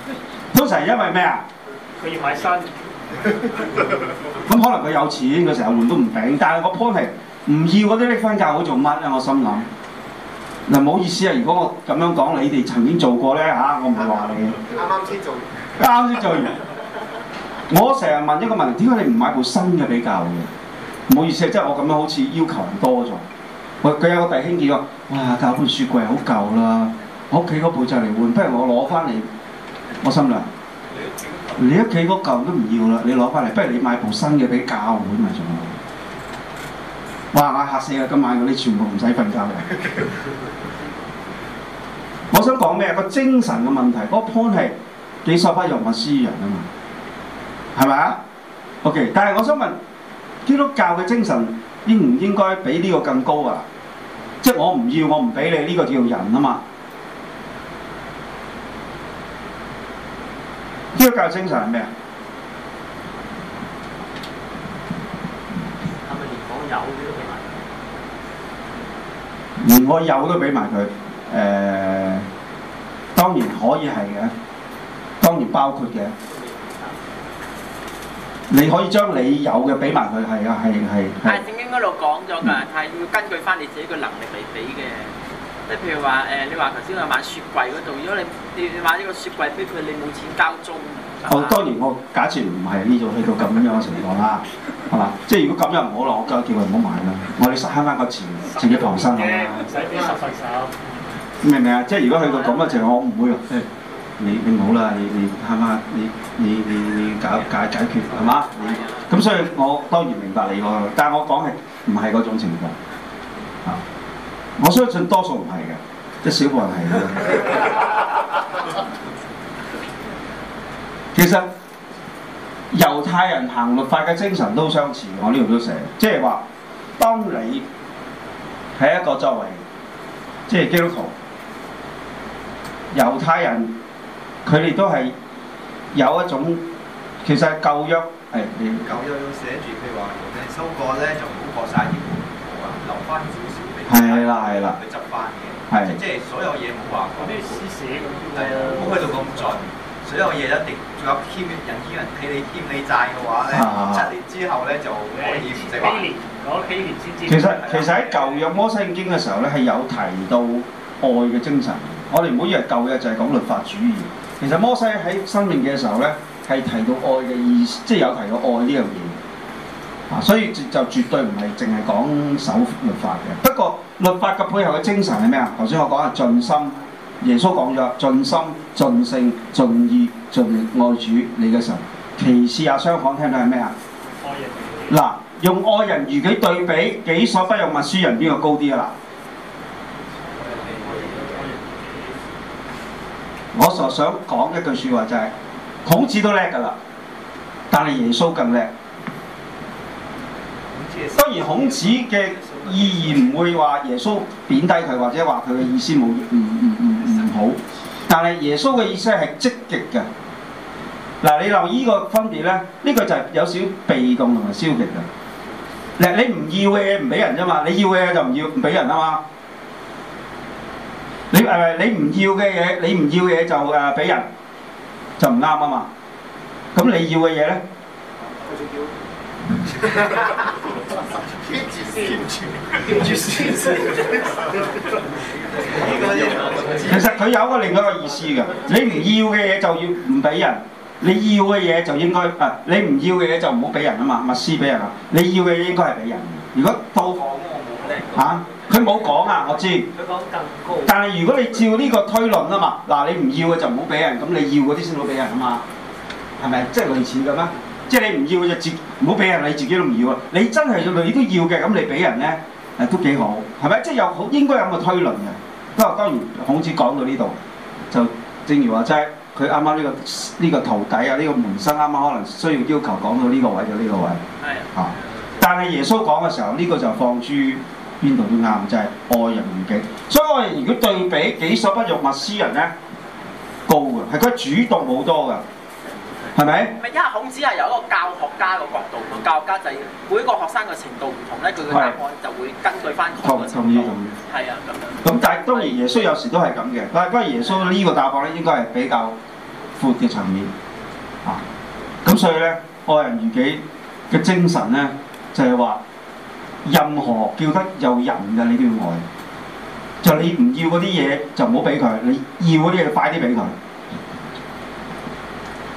通常係因為咩啊？佢要買新。咁、 嗯、可能佢有錢，佢成日換都唔平，但係個 point 唔要嗰啲拎翻教會做乜咧？我心諗嗱，唔好意思啊，如果我咁樣講，你哋曾經做過咧吓、啊，我唔係話你。啱啱先做，啱啱先做完。我成日問一個問題，點解你唔買部新嘅俾教會？唔好意思啊，即係我咁樣好似要求人多咗。喂，佢有個弟兄建議，哇，教會雪櫃好舊啦，我屋企嗰部就嚟換，不如我攞翻嚟。我心諗，你屋企嗰嚿都唔要啦，你攞翻嚟，不如你買部新嘅俾教會咪仲？哇！我嚇死啊！今晚嗰啲全部唔使瞓覺嘅。我想講咩啊？個精神嘅問題，嗰個 point 係己所不欲，勿施於人啊嘛，係咪啊？OK，但係我想問基督教嘅精神應唔應該比呢個更高啊？即係我唔要，我唔俾你呢個叫人啊嘛。基督教嘅精神係咩啊？係咪講有？連我有都俾埋佢，誒、呃、當然可以係嘅，當然包括嘅，嗯、你可以將你有嘅俾埋佢，係啊，係係。但正經嗰度講咗㗎，係、嗯、要根據翻你自己嘅能力嚟俾嘅，即係譬如話誒、呃，你話頭先我買雪櫃嗰度，如果你你買呢個雪櫃，俾佢，你冇錢交租。我、哦、當然我假設唔係呢種去到咁樣嘅情況啦，係嘛？ 即係如果咁樣唔好咯， 我梗叫佢唔好買啦。我哋慳翻個錢， 自己傍身啦。 明唔明啊？即係如果去到咁嘅情況， 就我唔會嘅。 你你唔好啦，你你慳翻，你你你你，你，你，你，你解解解決係嘛？咁所以，我當然明白你個，但我講係唔係嗰種情況。啊！我相信多數唔係嘅，即一小部分係 其實猶太人行律法嘅精神都相似，我呢度都寫，即係話，當你喺一個作為，即係基督徒、猶太人，佢哋都係有一種，其實舊約係，舊約要寫住譬如話你收過咧就唔好過曬全部啊，留翻少少俾佢係啦係啦，佢執翻嘅，即即係所有嘢冇話講啲私事，係啊，冇去到咁盡。所有嘢一定仲有欠人，欠人佢哋欠你債嘅話，咧，七年之後咧就可以即係幾年？講幾年先知？其實其實舊約摩西經嘅時候咧係有提到愛嘅精神嘅。我哋唔好以為舊約就係講律法主義。其實摩西喺申命記嘅時候咧係提到愛嘅意思，即係有提到愛呢樣嘢。啊，所以就絕對唔係淨係講守律法嘅。不過律法嘅背後嘅精神係咩啊？頭先我講下盡心。耶穌講咗啦，盡心、盡性、盡意、盡力愛主你嘅神。其次啊，雙方聽到係咩啊？嗱，用愛人如己對比，己所不欲，勿施於人，邊個高啲啊？嗱，我就想講一句説話，就係，就係孔子都叻㗎啦，但係耶穌更叻。當然孔子嘅。依然唔會話耶穌貶低佢，或者話佢嘅意思冇唔唔唔唔好。但係耶穌嘅意思係積極嘅。嗱，你留意依個分別咧？呢、這個就係有少少被動同埋消極嘅。嗱，你唔要嘅嘢唔俾人啫嘛，你要嘅嘢就唔要唔俾人啊嘛。你誒你唔要嘅嘢，你唔要嘅嘢就誒俾、啊、人就唔啱啊嘛。咁你要嘅嘢咧？ 其實佢有一個另外嘅意思嘅，你唔要嘅嘢就要唔俾人，你要嘅嘢就應該啊，你唔要嘅嘢就唔好俾人啊嘛，勿施俾人啊，你要嘅嘢應該係俾人。如果到講我冇咧，佢冇講啊，我知。佢講更高。但係如果你照呢個推論啊嘛，嗱你唔要嘅就唔好俾人，咁你要嗰啲先好俾人啊嘛，係咪？即係類似咁咩？即係你唔要就自唔好俾人，你自己都唔要啊！你真係要你都要嘅，咁，你俾人咧誒都幾好，係咪？即係有好應該有個推論嘅。不過當然，孔子講到呢度就正如話齋，佢啱啱呢個呢個徒弟啊，呢個門生啱啱可能需要要求講到呢個位就呢個位。係嚇的、啊，但係耶穌講嘅時候呢個就放諸邊度都啱，就係愛人如己。所以我哋如，如果對比己所不欲，勿施人咧，高嘅係佢主動好多㗎。係咪？咪因為孔子係由一個教學家嘅角度，個教學家就係每一個學生嘅程度唔同咧，佢嘅答案就會根據翻個程度。同意，同意，同意，係啊，咁樣。咁但係當然耶穌有時都係咁嘅，但係當然耶穌呢個答案咧應該係比較闊嘅層面啊。咁所以咧，愛人如己嘅精神咧就係話，任何叫得有人嘅你都要愛，就你唔要嗰啲嘢就唔好俾佢，你要嗰啲嘢快啲俾佢。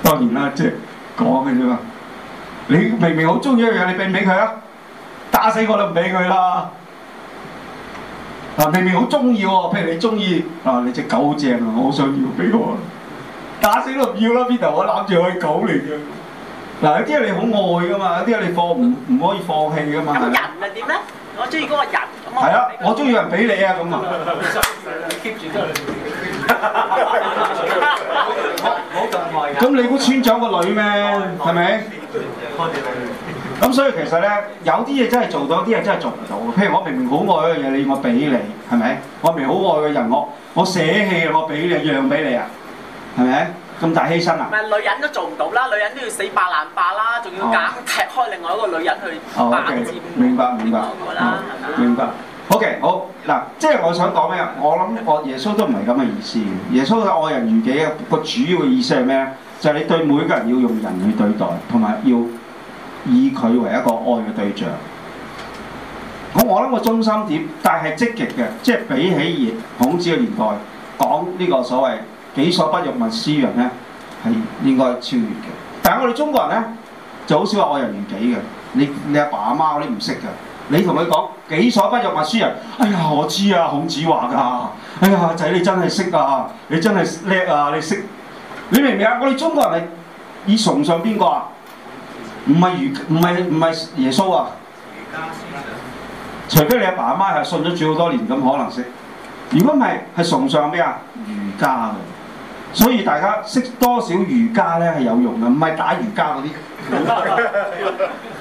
當然啦，即係講嘅啫嘛。你明明好中意一樣嘢，你俾唔俾佢啊？打死我都唔俾佢啦。嗱，明明好中意喎，譬如你中意，嗱、啊，你隻狗正啊，我好想要，俾我，打死都唔要啦。邊度我攬住佢狗嚟嘅？嗱、啊，有啲你好愛噶嘛，有啲你放唔唔可以放棄噶嘛。人就點咧？ 我中意嗰個人咁啊。係啊，我中意人俾你啊咁啊。keep 住 咁 你估村長個女咩？係咪？咁 所以其實咧，有啲嘢真係做到，有啲嘢真係做唔到。譬如我明明好愛嗰樣嘢，你要我俾你，係咪？我明明好愛嘅人，我我捨棄我俾你，讓俾你啊？係咪？咁大犧牲啊？唔係女人都做唔到啦，女人都要死白難霸啦，仲要夾踢開另外一個女人去霸佔。哦、okay，明白，明白，明白。明白。Okay, 好嘅，好嗱，即係我想講咩啊？我諗我耶穌都唔係咁嘅意思。耶穌嘅愛人如己嘅個主要嘅意思係咩咧？就係你對每個人要用仁去對待，同埋要以佢為一個愛嘅對象。咁我諗個中心點，但係積極嘅，即係比起孔子嘅年代講呢個所謂己所不欲，勿施於人咧，係應該超越嘅。但係我哋中國人呢，就好少話愛人如己嘅，你你阿爸阿媽嗰啲唔識噶。你同佢講，己所不欲，勿施人。哎呀，我知啊，孔子話噶。哎呀，仔你真係識噶，你真係叻啊，你，啊你識。你明唔明啊？我哋中國人係以崇尚邊個啊？唔係儒，唔係唔係耶穌啊？除非你阿爸阿媽係信咗主好多年，咁可能識。如果唔係，係崇尚咩啊？儒家嘅。所以大家識多少儒家咧係有用嘅，唔係打瑜伽嗰啲。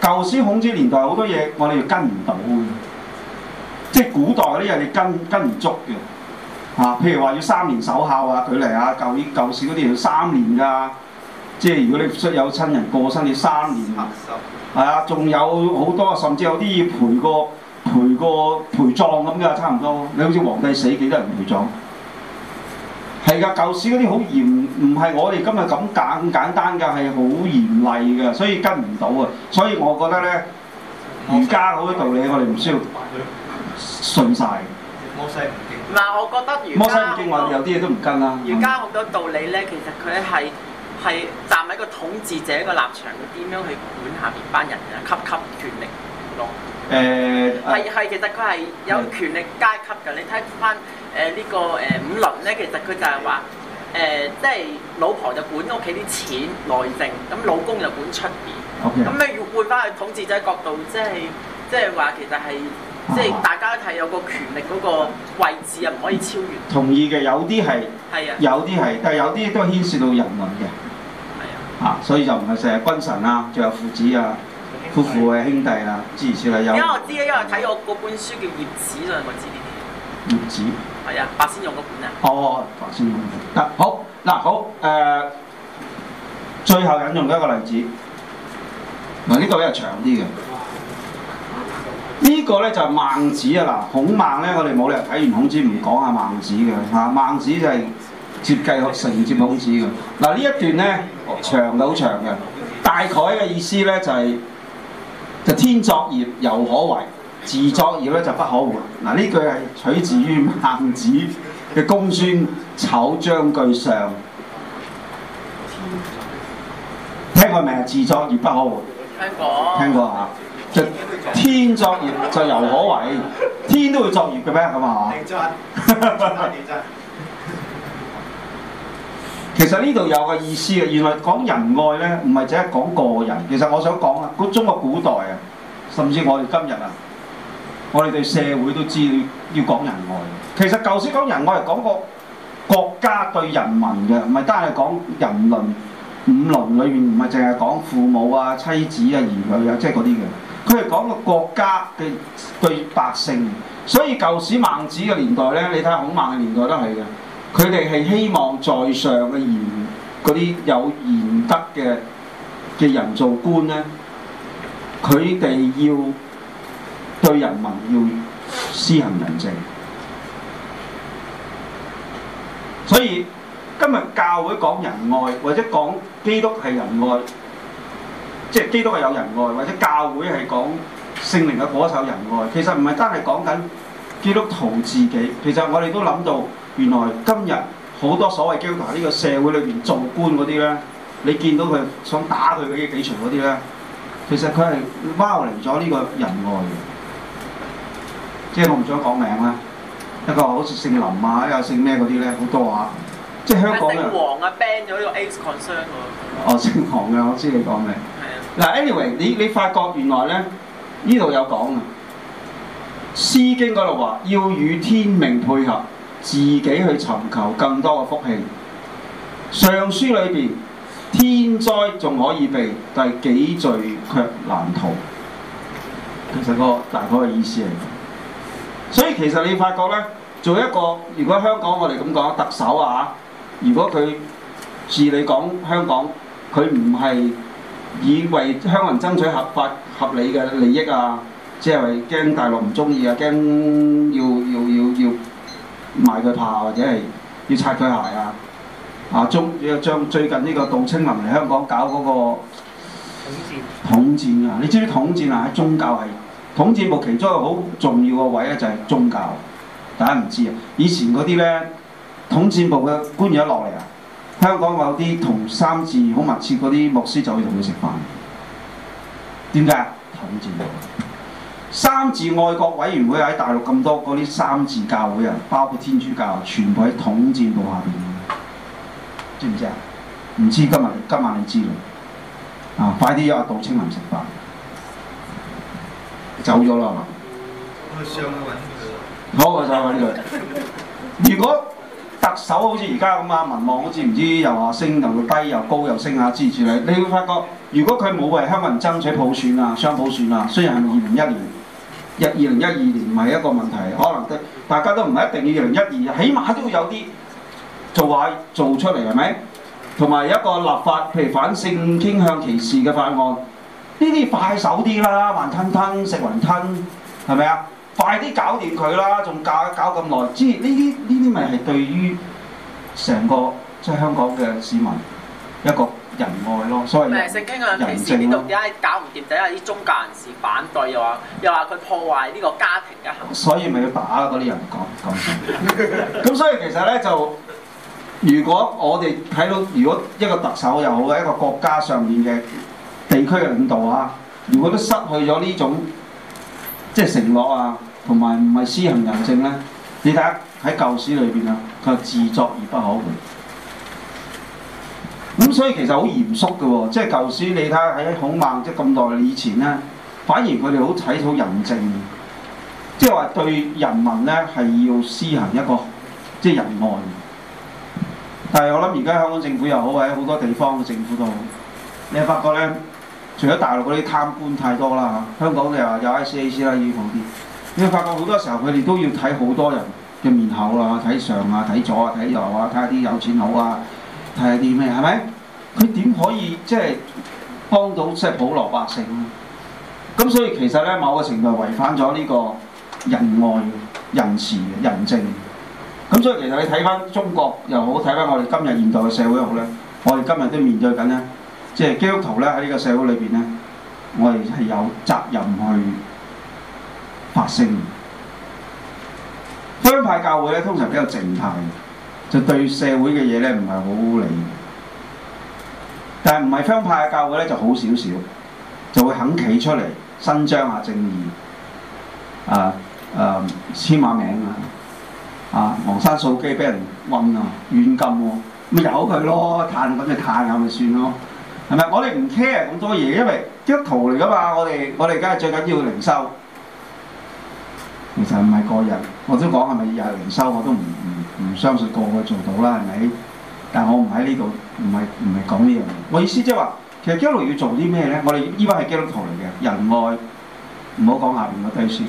舊時孔子年代好多嘢，我哋要跟唔到嘅，即係古代嗰啲嘢，你跟跟唔足嘅。啊，譬如話要三年守孝啊，距離啊，舊依舊時嗰啲要三年㗎。即係如果你出有親人過身，要三年。係啊，仲有好多，甚至有啲要陪個陪個陪葬咁嘅，差唔多。你好似皇帝死幾多人陪葬？係噶，舊時嗰啲好嚴，唔係我哋今日咁簡簡單噶，係好嚴厲嘅，所以跟唔到啊。所以我覺得咧，儒家好多道理，嗯、我哋唔需要信晒。摩西嗱，我覺得儒家摩西唔敬我，有啲嘢都唔跟啦。儒家好多道理咧，其實佢係係站喺個統治者個立場，佢點樣去管下面班人啊？級級權力咯。誒，係係，其實佢係有權力階級嘅，你睇翻。誒、呃這個呃、呢個誒五倫咧，其實佢就係話誒，即係老婆就管屋企啲錢內政，咁老公就管出面。咁你要換翻去統治者角度，即係即係話其實係、啊、即係大家係有個權力嗰個位置啊，唔可以超越。同意嘅，有啲係，啊、有啲係，但係有啲都牽涉到人民嘅。啊，啊，所以就唔係淨係君臣啊，仲有父子啊，夫婦嘅兄弟啊，諸如此類。因為我知啊，因為睇我嗰本書叫《葉子》啊，我知。葉子，係啊，白鮮葉個本。啊，哦，白鮮葉得好嗱好誒，最後引用一個例子，嗱、啊這個這個、呢個咧係長啲嘅，呢個咧就係、是、孟子啊嗱，孔孟咧我哋冇理由睇完孔子唔講下孟子嘅嚇、啊，孟子就係接繼承接孔子嘅嗱呢一段咧長嘅好長嘅，大概嘅意思咧就係、是、就是、天作孽，猶可為。自作孽咧就不可活。嗱，呢句係取自於孟子嘅“公孫丑章句上”，聽過未啊？“自作孽不可活”，聽過聽過嚇、啊？就天作孽就猶可為，天都會作孽嘅咩咁啊？嘛， 其實呢度有個意思嘅。原來講仁愛咧，唔係只係講個人。其實我想講啊，個中國古代啊，甚至我哋今日啊。我哋對社會都知道要講仁愛。其實舊時講仁愛係講個國家對人民嘅，唔係單係講人倫五倫裏面，唔係淨係講父母啊、妻子啊、兒女啊，即係嗰啲嘅。佢係、啊就是、講個國家嘅對百姓。所以舊時孟子嘅年代呢，你睇下孔孟嘅年代都係嘅。佢哋係希望在上嘅賢嗰啲有賢德嘅嘅人做官呢，佢哋要。對人民要施行仁政，所以今日教會講仁愛，或者講基督係仁愛，即係基督係有仁愛，或者教會係講聖靈嘅果子「仁愛」。其實唔係單係講緊基督徒自己。其實我哋都諗到，原來今日好多所謂基督徒喺呢個社會裏邊做官嗰啲咧，你見到佢想打佢嘅幾長嗰啲咧，其實佢係踎嚟咗呢個仁愛嘅。即係我唔想講名啦，一個好似姓林啊，又姓咩嗰啲咧，好多啊！即係香港嘅、啊啊哦。姓黃啊，ban 咗呢個 ex concern 喎。哦，姓黃嘅，我知你講咩。係啊。嗱，anyway，你你發覺原來咧，呢度有講啊，《詩經》嗰度話要與天命配合，自己去尋求更多嘅福氣。《尚書》裏邊，天災仲可以避，但係己罪卻難逃。其實、嗰個大概嘅意思係。所以其實你發覺呢，做一個如果香港我哋咁講特首啊，如果佢治理港，香港，佢唔係以為香港人爭取合法合理嘅利益啊，即係驚大陸唔中意啊，驚要要要要賣佢怕、啊、或者係要擦佢鞋啊，啊中要將最近呢個杜青林嚟香港搞嗰個統戰啊，你知唔知統戰啊？喺宗教係。統戰部其中一個好重要嘅位咧，就係宗教，大家唔知啊。以前嗰啲咧，統戰部嘅官員一落嚟，啊，香港有啲同三自好密切嗰啲牧師就去同佢食飯，點解啊？統戰部三自愛國委員會喺大陸咁多嗰啲三自教會啊，包括天主教全部喺統戰部下邊知唔知，知，知啊？唔知今日今晚你知啦，啊快啲約阿杜青林食飯。走咗啦，係嘛？好，我收翻呢個。 如果特首好似而家咁啊，民望好似唔知又話升，又到低，又高又升下支持你，你會發覺，如果佢冇為香港人爭取普選啊、雙普選啊，雖然係二零一年、一二零一二年唔係一個問題，可能的大家都唔係一定要二零一二，起碼都有啲做話做出嚟，係咪？同埋一個立法，譬如反性傾向歧視嘅法案。呢啲快手啲啦，慢吞吞食雲吞，係咪啊？快啲搞掂佢啦！仲搞搞咁耐？之呢啲呢啲咪係對於成個即係、就是、香港嘅市民一個仁愛咯。所以唔係性傾向，其實呢度點解搞唔掂？就係啲宗教人士反對又話，又話佢破壞呢個家庭嘅幸福。所以咪要打嗰、啊、啲人講講。咁所以其實咧就，如果我哋睇到，如果一個特首又好，一個國家上面嘅。地區嘅領導啊，如果都失去咗呢種即係承諾啊，同埋唔係施行仁政呢，你睇下喺舊史裏邊啊，佢話自作孽不可活。咁所以其實好嚴肅嘅喎、啊，即係舊史你睇下，喺孔孟即係咁耐以前呢，反而佢哋好睇到仁政，即係話對人民呢係要施行一個即係仁愛。但係我諗而家香港政府又好喺好多地方嘅政府都好，你發覺呢？除咗大陸嗰啲貪官太多啦嚇，香港嘅話有 I C A C 啦已經好啲。你會發覺好多時候佢哋都要睇好多人嘅面口啦，睇上啊，睇左啊，睇右啊，睇下啲有錢佬啊，睇下啲咩係咪？佢點可以即係、就是、幫到即係、就是、普羅百姓呢？咁所以其實咧，某個程度違反咗呢個仁愛、仁慈、仁政。咁所以其實你睇翻中國又好，睇翻我哋今日現代嘅社會又好咧，我哋今日都面對緊咧。即係基督徒咧，喺呢個社會裏邊咧，我哋係有責任去發聲。鄉派教會咧，通常比較靜態，就對社會嘅嘢咧唔係好理。但係唔係鄉派教會咧，就好少少，就會肯企出嚟伸張下正義，啊啊簽下名啊，啊昂山素姬俾人暈啊，軟禁喎、哦，咪由佢咯，嘆咁就嘆下咪算咯。係咪？我哋唔 care 咁多嘢，因為基督徒嚟噶嘛。我哋我哋而家係最緊要嘅靈修，其實唔係個人。我先講係咪又靈修，我都唔唔唔相信個個做到啦，係咪？但我唔喺呢度，唔係唔係講呢樣嘢。我意思即係話，其實基督徒要做啲咩咧？我哋依家係基督徒嚟嘅，仁愛唔好講下邊嗰堆先。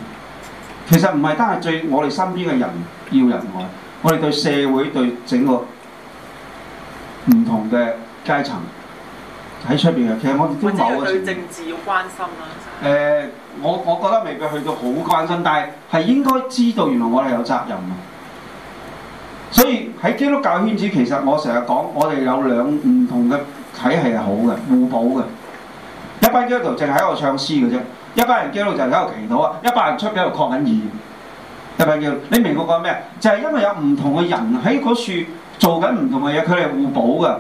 其實唔係單係對我哋身邊嘅人要仁愛，我哋對社會，對整個唔同嘅階層。喺出面嘅，其實我哋都冇啊。對政治要關心啦，啊。誒、呃，我我覺得未必去到好關心，但係係應該知道原來我哋有責任啊。所以喺基督教圈子，其實我成日講，我哋有兩唔同嘅體系係好嘅，互補嘅。一班基督徒就喺度唱詩嘅啫，一班人基督徒就喺度祈禱啊，一班人出邊喺度抗緊議。一班基督徒，你明我講咩就係、是、因為有唔同嘅人喺嗰處做緊唔同嘅嘢，佢哋互補嘅，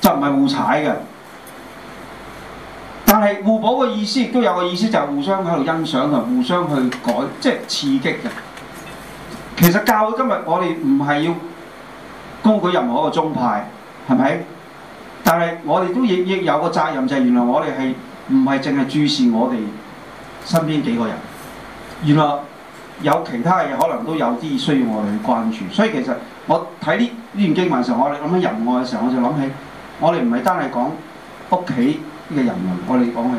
就唔係互踩嘅。但係互補嘅意思，亦都有個意思就係、是、互相喺度欣賞嘅，互相去改，即係刺激嘅。其實教今日我哋唔係要高舉任何一個宗派，係咪？但係我哋都亦亦有個責任，就係、是、原來我哋係唔係淨係注視我哋身邊幾個人？原來有其他嘢可能都有啲需要我哋去關注。所以其實我睇呢呢段經文嘅時候，我哋諗起仁愛嘅時候，我就諗起我哋唔係單係講屋企。嘅人民，我哋講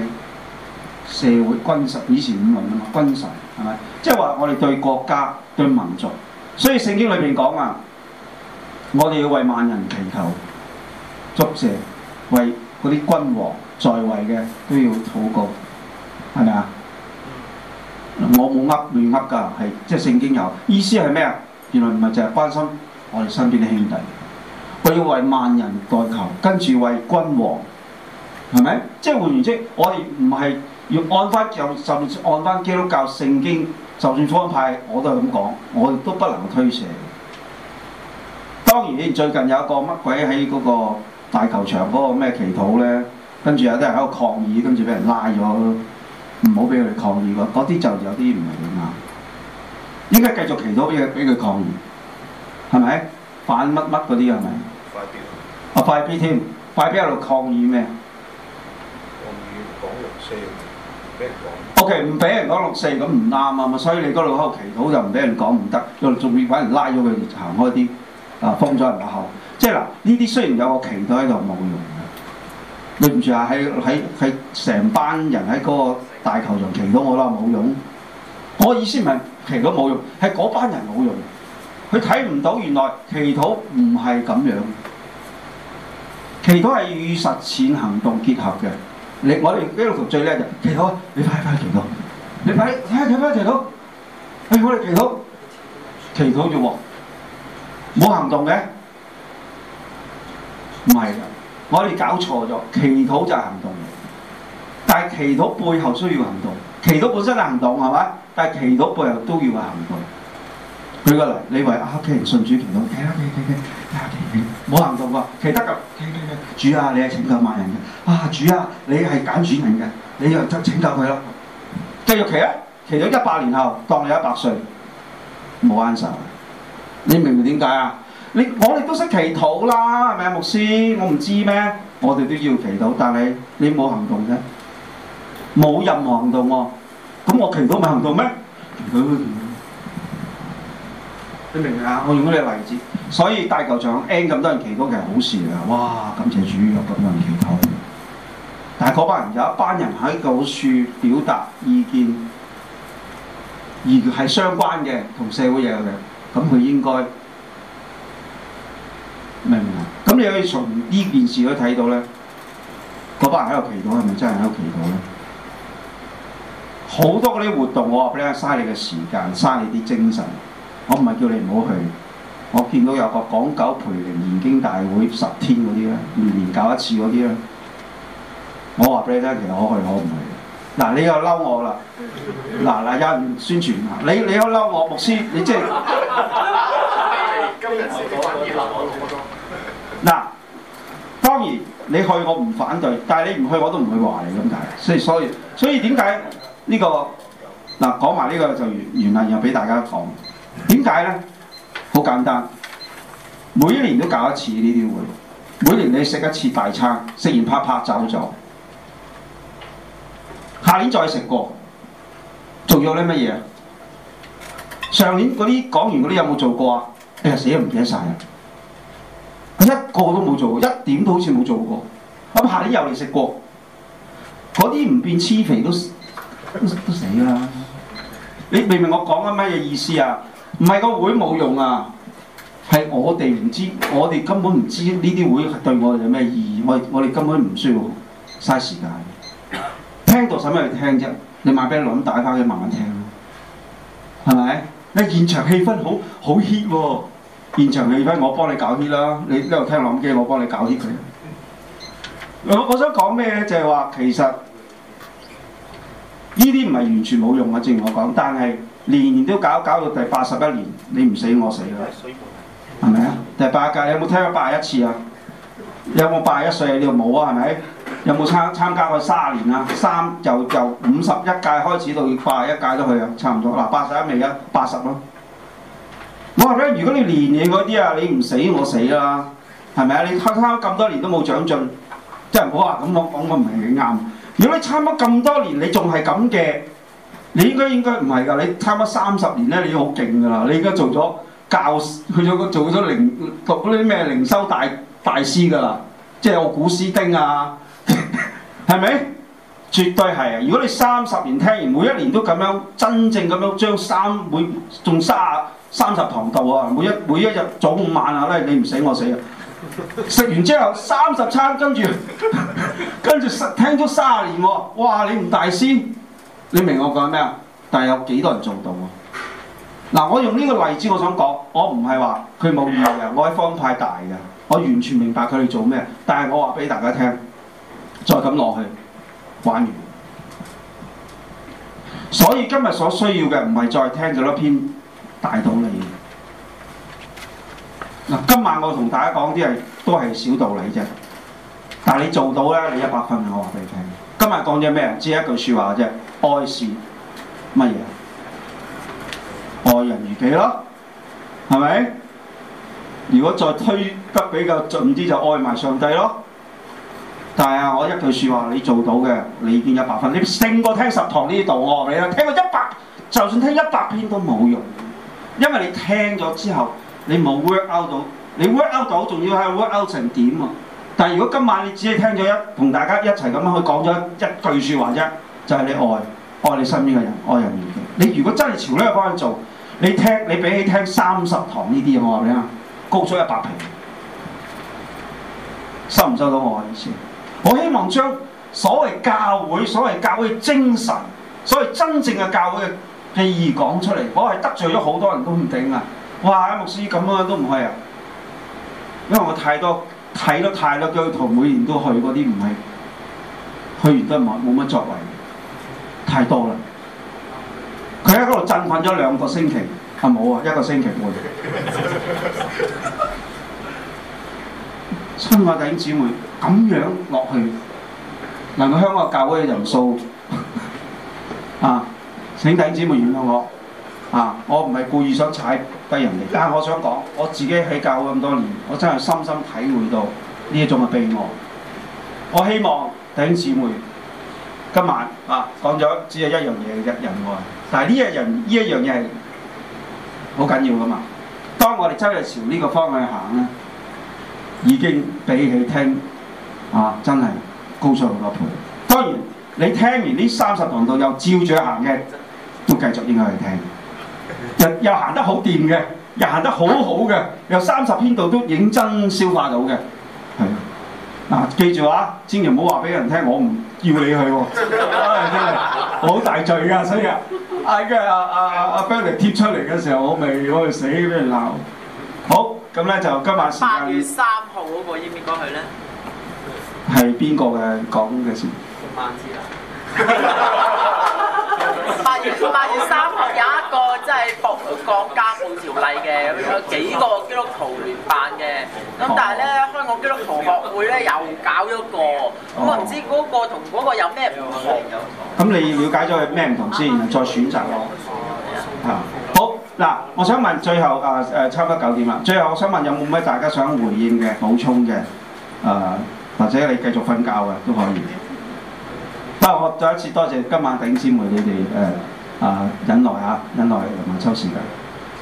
起社會君臣，以前五倫啊嘛，君臣係咪？即係話我哋對國家、對民族，所以聖經裏邊講啊，我哋要為萬人祈求、祝謝，為嗰啲君王在位嘅都要禱告，係咪啊？我冇呃亂呃噶，係即係聖經有意思係咩啊？原來唔係淨係關心我哋身邊啲兄弟，我要為萬人代求，跟住為君王。係咪？即係換言之，我哋唔係要按翻，就甚至按翻基督教聖經，就算方派，我都係咁講，我哋都不能推卸。當然最近有一個乜鬼喺嗰個大球場嗰個咩祈禱呢？跟住有啲人喺度抗議，跟住俾人拉咗，唔好俾佢哋抗議。嗰啲就有啲唔係咁啱，應該繼續祈禱，畀佢抗議，係咪反乜乜嗰啲係咪？阿快必必添、啊，快必喺度抗議咩？講六四唔俾人講，O K，唔俾人講六四咁唔啱啊嘛，所以你嗰度喺度祈禱就唔俾人講唔得，又仲要反而拉咗佢行開啲啊，封咗人個口。即係嗱，呢啲雖然有個祈禱喺度冇用嘅，對唔住啊，喺喺喺成班人喺嗰個大球場祈禱我啦冇用。我意思唔係祈禱冇用，係嗰班人冇用。佢睇唔到原來祈禱唔係咁樣，祈禱係與實踐行動結合嘅。我哋基督徒最叻就係祈禱啊，你快快祈禱，你快快祈禱，哎我哋祈禱，祈禱啫喎，冇行動嘅，唔係啦，我哋搞錯咗，祈禱就係行動，但係祈禱背後需要行動，祈禱本身係行動係嘛，但係祈禱背後都要行動。舉個例，你為阿黑平信主祈禱，祈啦，冇行動啊，祈得㗎，主啊，你係拯救萬人嘅，啊，主啊，你係揀主人嘅，你又得拯救佢啦，繼續祈啊，祈咗一百年後，當你一百歲，冇 answer，你明唔明點解啊？你我哋都識祈禱啦，係咪啊，牧師？我唔知咩？我哋都要祈禱，但係你冇行動啫，冇任何行動喎，啊，咁我祈禱咪行動咩？你明唔明啊？我用咗你啲例子，所以大球場 N 咁多人祈禱其實好事嚟㗎。哇！感謝主有咁多人祈禱。但係嗰班人有一班人喺度處表達意見，而係相關嘅同社會嘢嘅，咁佢應該明唔明啊？咁你可以從呢件事可以睇到咧，嗰班人喺度祈禱係咪真係喺度祈禱咧？好多嗰啲活動我話俾你聽，嘥你嘅時間，嘥你啲精神。我唔係叫你唔好去，我見到有個港九培靈研經大會十天嗰啲咧，年年搞一次嗰啲咧，我話俾你聽，其實我去我唔去，嗱你又嬲我啦，嗱嗱，有人宣傳，你你又嬲我牧師，你即係嗱當然你去我唔反對，但係你唔去我都唔會話你咁解，所以所以所以點解呢個嗱講埋呢個就原原嚟又俾大家講？點解咧？好簡單，每一年都搞一次呢啲會，每年你食一次大餐，食完拍拍走咗，下年再食過，做咗啲乜嘢？上年嗰啲講完嗰啲有冇做過啊？誒、哎、死啊！唔記得晒啦，一個都冇做過，一點都好似冇做過。咁下年又嚟食過，嗰啲唔變黐肥都都死啦！你明唔明我講緊乜嘢意思啊？唔係個會冇用啊，係我哋唔知，我哋根本唔知呢啲會對我哋有咩意義，我我哋根本唔需要嘥、啊、時間，聽到。使乜去聽啫、啊？你買俾你諗帶翻去慢慢聽咯、啊，係咪？你現場氣氛好好 hit 喎，現場氣氛、啊、氛我幫你搞 hit 啦，你喺度聽諗機我幫你搞 hit 佢。我我想講咩咧？就係、是、話其實呢啲唔係完全冇用啊，正如我講，但係。年年都搞，搞到第八十一年，你唔死我死啦，係咪啊？第八屆你有冇聽過八十一次啊？有冇八十一歲啊？你冇啊？係咪？有冇參參加過卅年啊？三由由五十一屆開始到八十一屆都去啊，差唔多嗱，八十一未啊，八十咯。我話咧，如果你年年嗰啲啊，你唔死我死啦，係咪啊？你參加咁多年都冇長進，真係唔好話咁講，講我唔係幾啱。如果你參加咁多年，你仲係咁嘅。你應該應該唔係㗎，你差唔多三十年呢，你要好勁㗎啦。你而家做咗教，去咗做咗靈讀嗰啲咩靈修大大師㗎啦，即係有古斯丁啊，係 咪？絕對係啊！如果你三十年聽完每一年都咁樣，真正咁樣將三每仲卅三十堂道啊，每一每一日早午晚啊，你唔死我死啊！食 完之後三十餐，跟住跟住聽咗三十年喎、啊，哇！你唔大師？你明我講咩啊？但係有幾多人做到啊？嗱，我用呢個例子我，我想講，我唔係話佢冇意義啊，我喺方太大嘅，我完全明白佢哋做咩，但係我話俾大家聽，再咁落去玩完。所以今日所需要嘅唔係再聽咗一篇大道理。嗱，今晚我同大家講啲係都係小道理啫，但係你做到咧，你一百分，我話俾你聽。今日講咗咩？只係一句説話啫，愛是乜嘢？愛人如己咯，係咪？如果再推得比較盡啲，就愛埋上帝咯。但係啊，我一句説話，你做到嘅，你已經一百分。你勝過聽十堂呢度，我話你啦，聽個一百，就算聽一百篇都冇用，因為你聽咗之後，你冇 work out 到，你 work out 到，仲要係 work out 成點啊？但係如果今晚你只係聽咗一同大家一齊咁樣去講咗一句説話啫，就係、是、你愛愛你身邊嘅人，愛人如己。你如果真係朝呢個方向做，你聽你比起聽三十堂呢啲嘢，我話你啊，高出一百倍。收唔收到我嘅意思？我希望將所謂教會、所謂教會精神、所謂真正嘅教會嘅意義講出嚟。我係得罪咗好多人都唔頂啊！哇，牧師咁樣都唔去啊！因為我太多。睇得太多教徒，每年都去嗰啲唔係，去完都冇冇乜作為，太多啦。佢喺嗰度振奮咗兩個星期，係冇啊，一個星期冇嘢。親 愛的弟兄姊妹，咁樣落去，能夠香港教會嘅人數啊，請弟兄姊妹原諒我。啊！我唔係故意想踩低人哋，但係我想講，我自己喺教會咁多年，我真係深深體會到呢一種嘅悲哀。我希望弟兄姊妹今晚啊講咗只有一樣嘢嘅啫，仁愛。但係呢一人呢一樣嘢係好緊要噶嘛。當我哋真係朝呢個方向行咧，已經比起聽啊真係高咗好多倍。當然你聽完呢三十堂到又照住行嘅，都繼續應該去聽。又行得好掂嘅，又行得好好嘅，又三十篇度都認真消化到嘅。係啊，嗱，記住啊，千祈唔好話俾人聽，我唔要你去喎、哦 啊，真係好大罪㗎，所以啊，因阿阿阿 Billy 貼出嚟嘅時候，我咪攞去死俾人鬧。好，咁咧就今晚八月三號嗰個應唔應該去咧？係邊個嘅講嘅先？唔啦次。 八月八月三號有一個即係《佛教家暴條例》嘅，有幾個基督徒聯辦嘅。咁但係咧，哦、香港基督徒學會咧又搞咗個。咁、哦、我唔知嗰個同嗰個有咩唔同。咁你要了解咗係咩唔同先，再選擇咯。啊，好，嗱，我想問最後啊誒，差唔多九點啦。最後我想問有冇咩大家想回應嘅、補充嘅啊，或者你繼續瞓覺啊都可以。嗱，我再一次多謝今晚頂先嘅你哋誒啊忍耐下，忍耐同埋抽時間，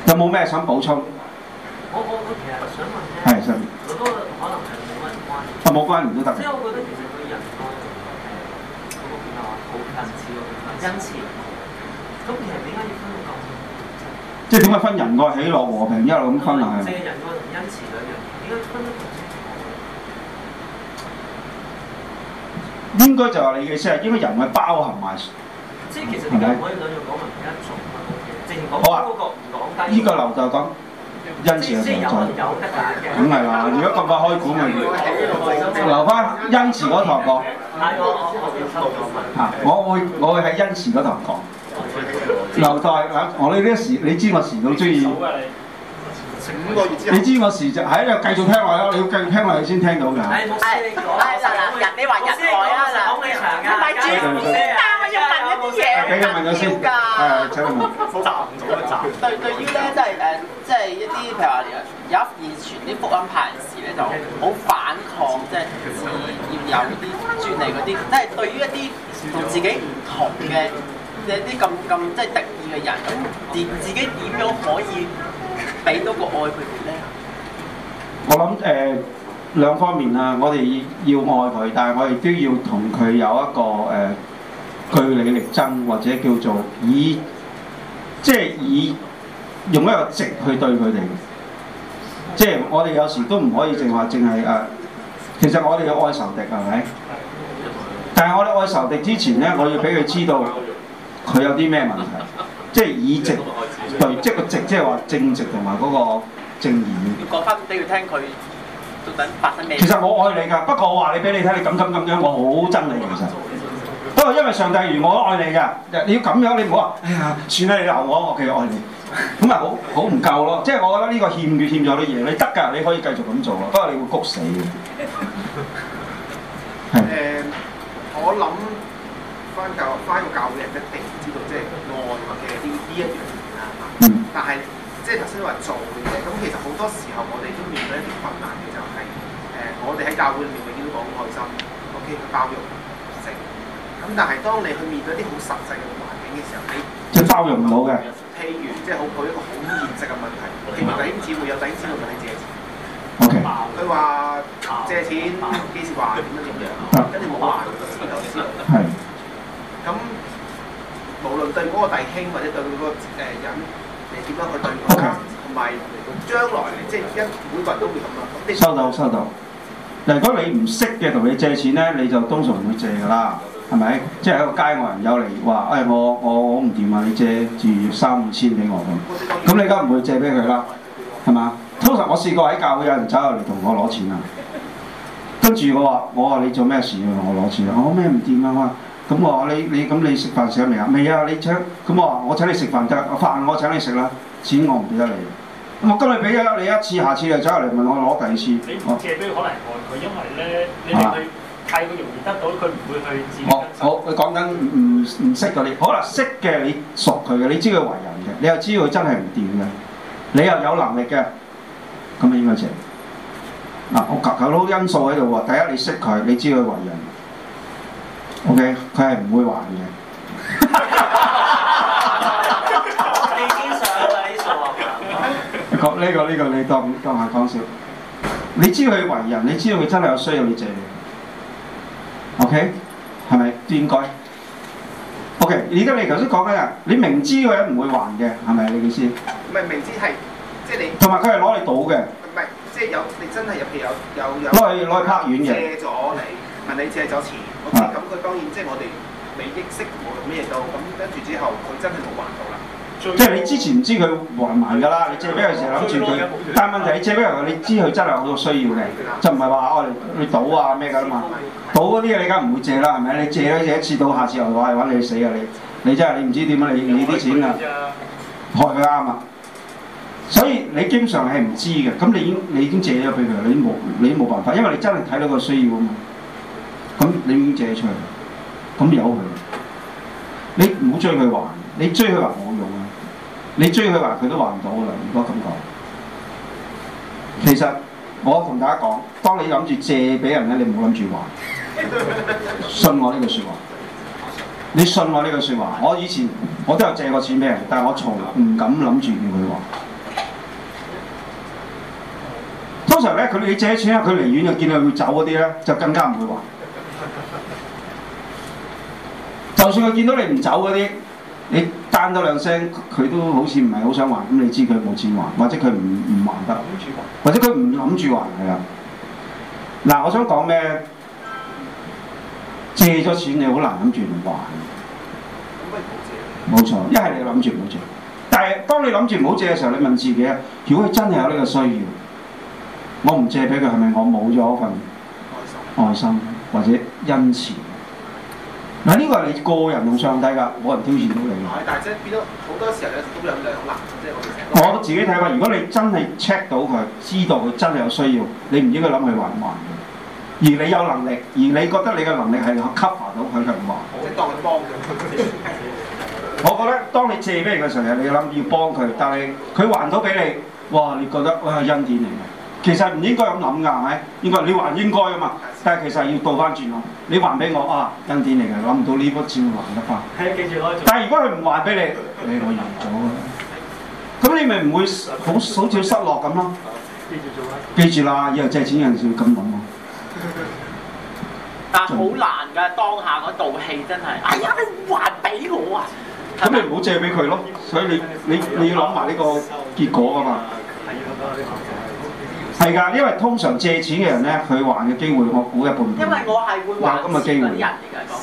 有冇咩想補充？我我我其實想問咧，係上好多可能係冇乜關係。啊，冇關聯都得，即係我覺得其實佢仁愛誒嗰個點係話好仁慈嘅仁慈，咁其實點解要分咁？即係點解分仁愛、喜樂、和平一路咁分啊？即係仁愛同仁慈兩樣。應該就係你嘅意思係，應該人係包含埋，即係其實又可以兩種講法，一種係，之前講中國唔講，呢個劉代講恩慈嘅存在，咁係啦。如果咁快開股咪留翻恩慈嗰堂講。我會我會喺恩慈嗰堂講。劉代，我你呢時你知我時好中意，你知我時就係啊，繼續聽落啦，你要繼續聽落你先聽到㗎。你話人。唔得啊！我問咗先。係、啊啊、請問？站唔到一站。對對於咧，即係誒，即、呃、係、就是、一啲譬如話有有現存啲福音派人士咧，就好反抗，即係要要有啲專利嗰啲、就是就是。即係對於一啲同 自己唔同嘅即一啲咁咁即係敵意嘅人，自自己點樣可以俾到個愛佢哋咧？我諗誒。呃兩方面啊，我哋要愛佢，但係我哋都要同佢有一個誒據理力爭，或者叫做以即係以用一個直去對佢哋。即係我哋有時都唔可以淨係話淨係誒，其實我哋要愛仇敵係咪？但係我哋愛仇敵之前咧，我要俾佢知道佢有啲咩問題，即係以直對， 對，即係個直，即係話正直同埋嗰個正義。講翻俾佢聽佢。其實我愛你㗎，不過我話你俾你睇，你咁咁咁樣，我好憎你其實。不過因為上帝如我都愛你㗎，你要咁樣，你唔好話哎呀算啦，你鬧我，我其實愛你，咁啊好好唔夠咯。即、就、係、是、我覺得呢個欠欠咗啲嘢，你得㗎，你可以繼續咁做啊。不過你會谷死嘅。誒 是、呃，我諗翻教翻個教嘅人一定知道，即係愛或者呢啲一樣嘢啦。嗯、但係即係頭先話做嘅，嘢。咁其實好多時候我哋都面對一啲困難嘅。我哋喺教會裏面永遠都講愛心，OK，包容性。咁但係當你去面對一啲好實際嘅環境嘅時候，你即係包容唔到嘅。譬如，即係好，好一個好現實嘅問題。譬如弟兄姊妹有弟兄姊妹同你借錢，OK，佢話借錢幾時還，點樣點樣，跟住冇還，然後點樣？係。咁無論對嗰個弟兄或者對嗰個誒人，你點樣去對佢啦？同埋將來，即係而家每個人都會咁啊！收到，收到。如果你唔識嘅同你借錢呢，你就通常唔會借噶啦，係咪？即係一個街外人有嚟話，誒、哎、我我我唔掂啊，你借住三五千畀我咁，咁你而家唔會借畀佢啦，係嘛？通常我試過喺教會有人走入嚟同我攞錢，我我我錢、哦、啊，跟住我話，我話你做咩事啊？我攞錢啊？我咩唔掂啊？咁我話你，你咁你食飯食咗未啊？未啊？你請，咁我話我請你食飯得，我飯我請你食啦，錢我唔俾得你。我今日俾咗你一次，下次又走嚟問我攞第二次。你唔借俾，可能係害佢，因為咧你唔去計佢容易得到，佢唔會去借。好，佢講緊唔唔識嗰啲。好啦，識嘅你熟佢嘅，你知佢為人嘅，你又知佢真係唔掂嘅，你又有能力嘅，咁啊，應該借。嗱，求求到因素喺度喎。第一，你識佢，你知佢為人。OK，佢係唔會還嘅。呢、這個呢、這個，你當當係講笑？你知佢為人，你知道佢真係有需要你借嘅，OK？係咪？點解？OK？而家你頭先講緊，你明知佢唔會還嘅，係咪你意思？唔係明知係，即係你。同埋佢係攞嚟賭嘅。唔係，即係有你真係入去有有有。攞去係來拍遠嘅。借咗你問你借咗錢，OK？咁佢當然即係我哋未意識冇做咩到，咁跟住之後佢真係冇還到啦。即係你之前唔知佢還唔還㗎啦，你借俾佢時諗住佢，但係問題你借俾佢，你知佢真係好多需要嘅，就唔係話我哋去賭啊咩㗎嘛？賭嗰啲嘢你梗唔會借啦，係咪？你借咗借一次到，下次又話你死啊你！你真係你唔知點啊你你啲錢啊害佢啱啊！所以你基本上係唔知嘅，咁你已經你已經借咗俾佢，你冇你冇辦法，因為你真係睇到個需要啊嘛。咁你已經借出去，咁由佢。你唔好追佢還，你追佢還。你追佢還，佢都還唔到啦。如果咁講，其實我同大家講，當你諗住借俾人咧，你唔好諗住還。信我呢句説話，你信我呢句説話。我以前我都有借過錢俾人，但係我從來唔敢諗住叫佢還。通常咧，佢哋借錢咧，佢離遠又見佢會走嗰啲咧，就更加唔會還。就算佢見到你唔走嗰啲，你。喊多兩聲，佢都好似唔係好想還。咁你知佢冇錢還，或者佢唔唔還得，或者佢唔諗住還係啊。嗱，我想講咩？借咗錢你好難諗住唔還。冇錯，一係你諗住唔好借。但係當你諗住唔好借嘅時候，你問自己，如果真係有呢個需要，我唔借俾佢，係咪我冇咗份愛心或者恩慈？嗱，呢個係你個人同上帝噶，冇人挑戰到你。但係即係變咗好多時候都有兩難，即係我自己睇法，如果你真係 check 到佢，知道佢真係有需要，你唔應該諗佢還唔還嘅。而你有能力，而你覺得你嘅能力係 cover 到佢嘅唔還，即係當佢幫咗你。 我覺得當你借俾佢嘅時候，你要諗住要幫佢，但係佢還到俾你，哇！你覺得哇，哎，恩典嚟嘅。其實唔應該咁諗㗎，係咪？應該你還應該啊嘛，但係其實要倒翻轉咯。你還俾我啊，恩典嚟嘅諗唔到呢筆錢還得翻。係記住啦，但係如果佢唔還俾你， 你攞贏咗啦。咁你咪唔會好好少失落咁咯？記住做啦。記住啦，以後借錢陣時要咁諗喎。但係好難㗎，當下嗰度氣真係，哎呀，你還俾我啊！咁、啊、你唔好借俾佢咯，所以你你你，你要諗埋呢個結果㗎嘛。係㗎，因為通常借錢嘅人咧，佢還嘅機會，我估一半。因為我係會還，咁嘅機會。人嚟噶講，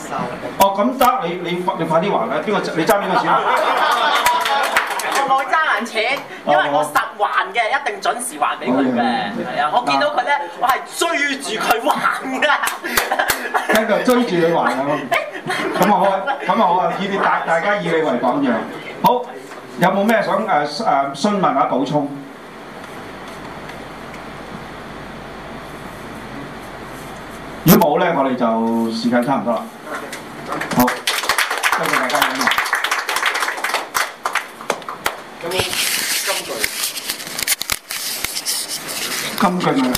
哦咁得你你你快啲還啊！邊個你爭邊個錢啊？ 我冇揸銀錢，因為我實還嘅，一定準時還俾佢嘅。係、哦、啊，我見到佢咧，那我係追住佢還㗎。跟 住 追住你還啊！咁 啊、 嗯、好，咁、嗯、啊好啊！以你大大家，以你為榜樣。好，有冇咩想誒誒、呃呃、詢問或者補充？如果冇咧，我哋就時間差唔多啦。好，多謝大家。咁天，今日具，今日。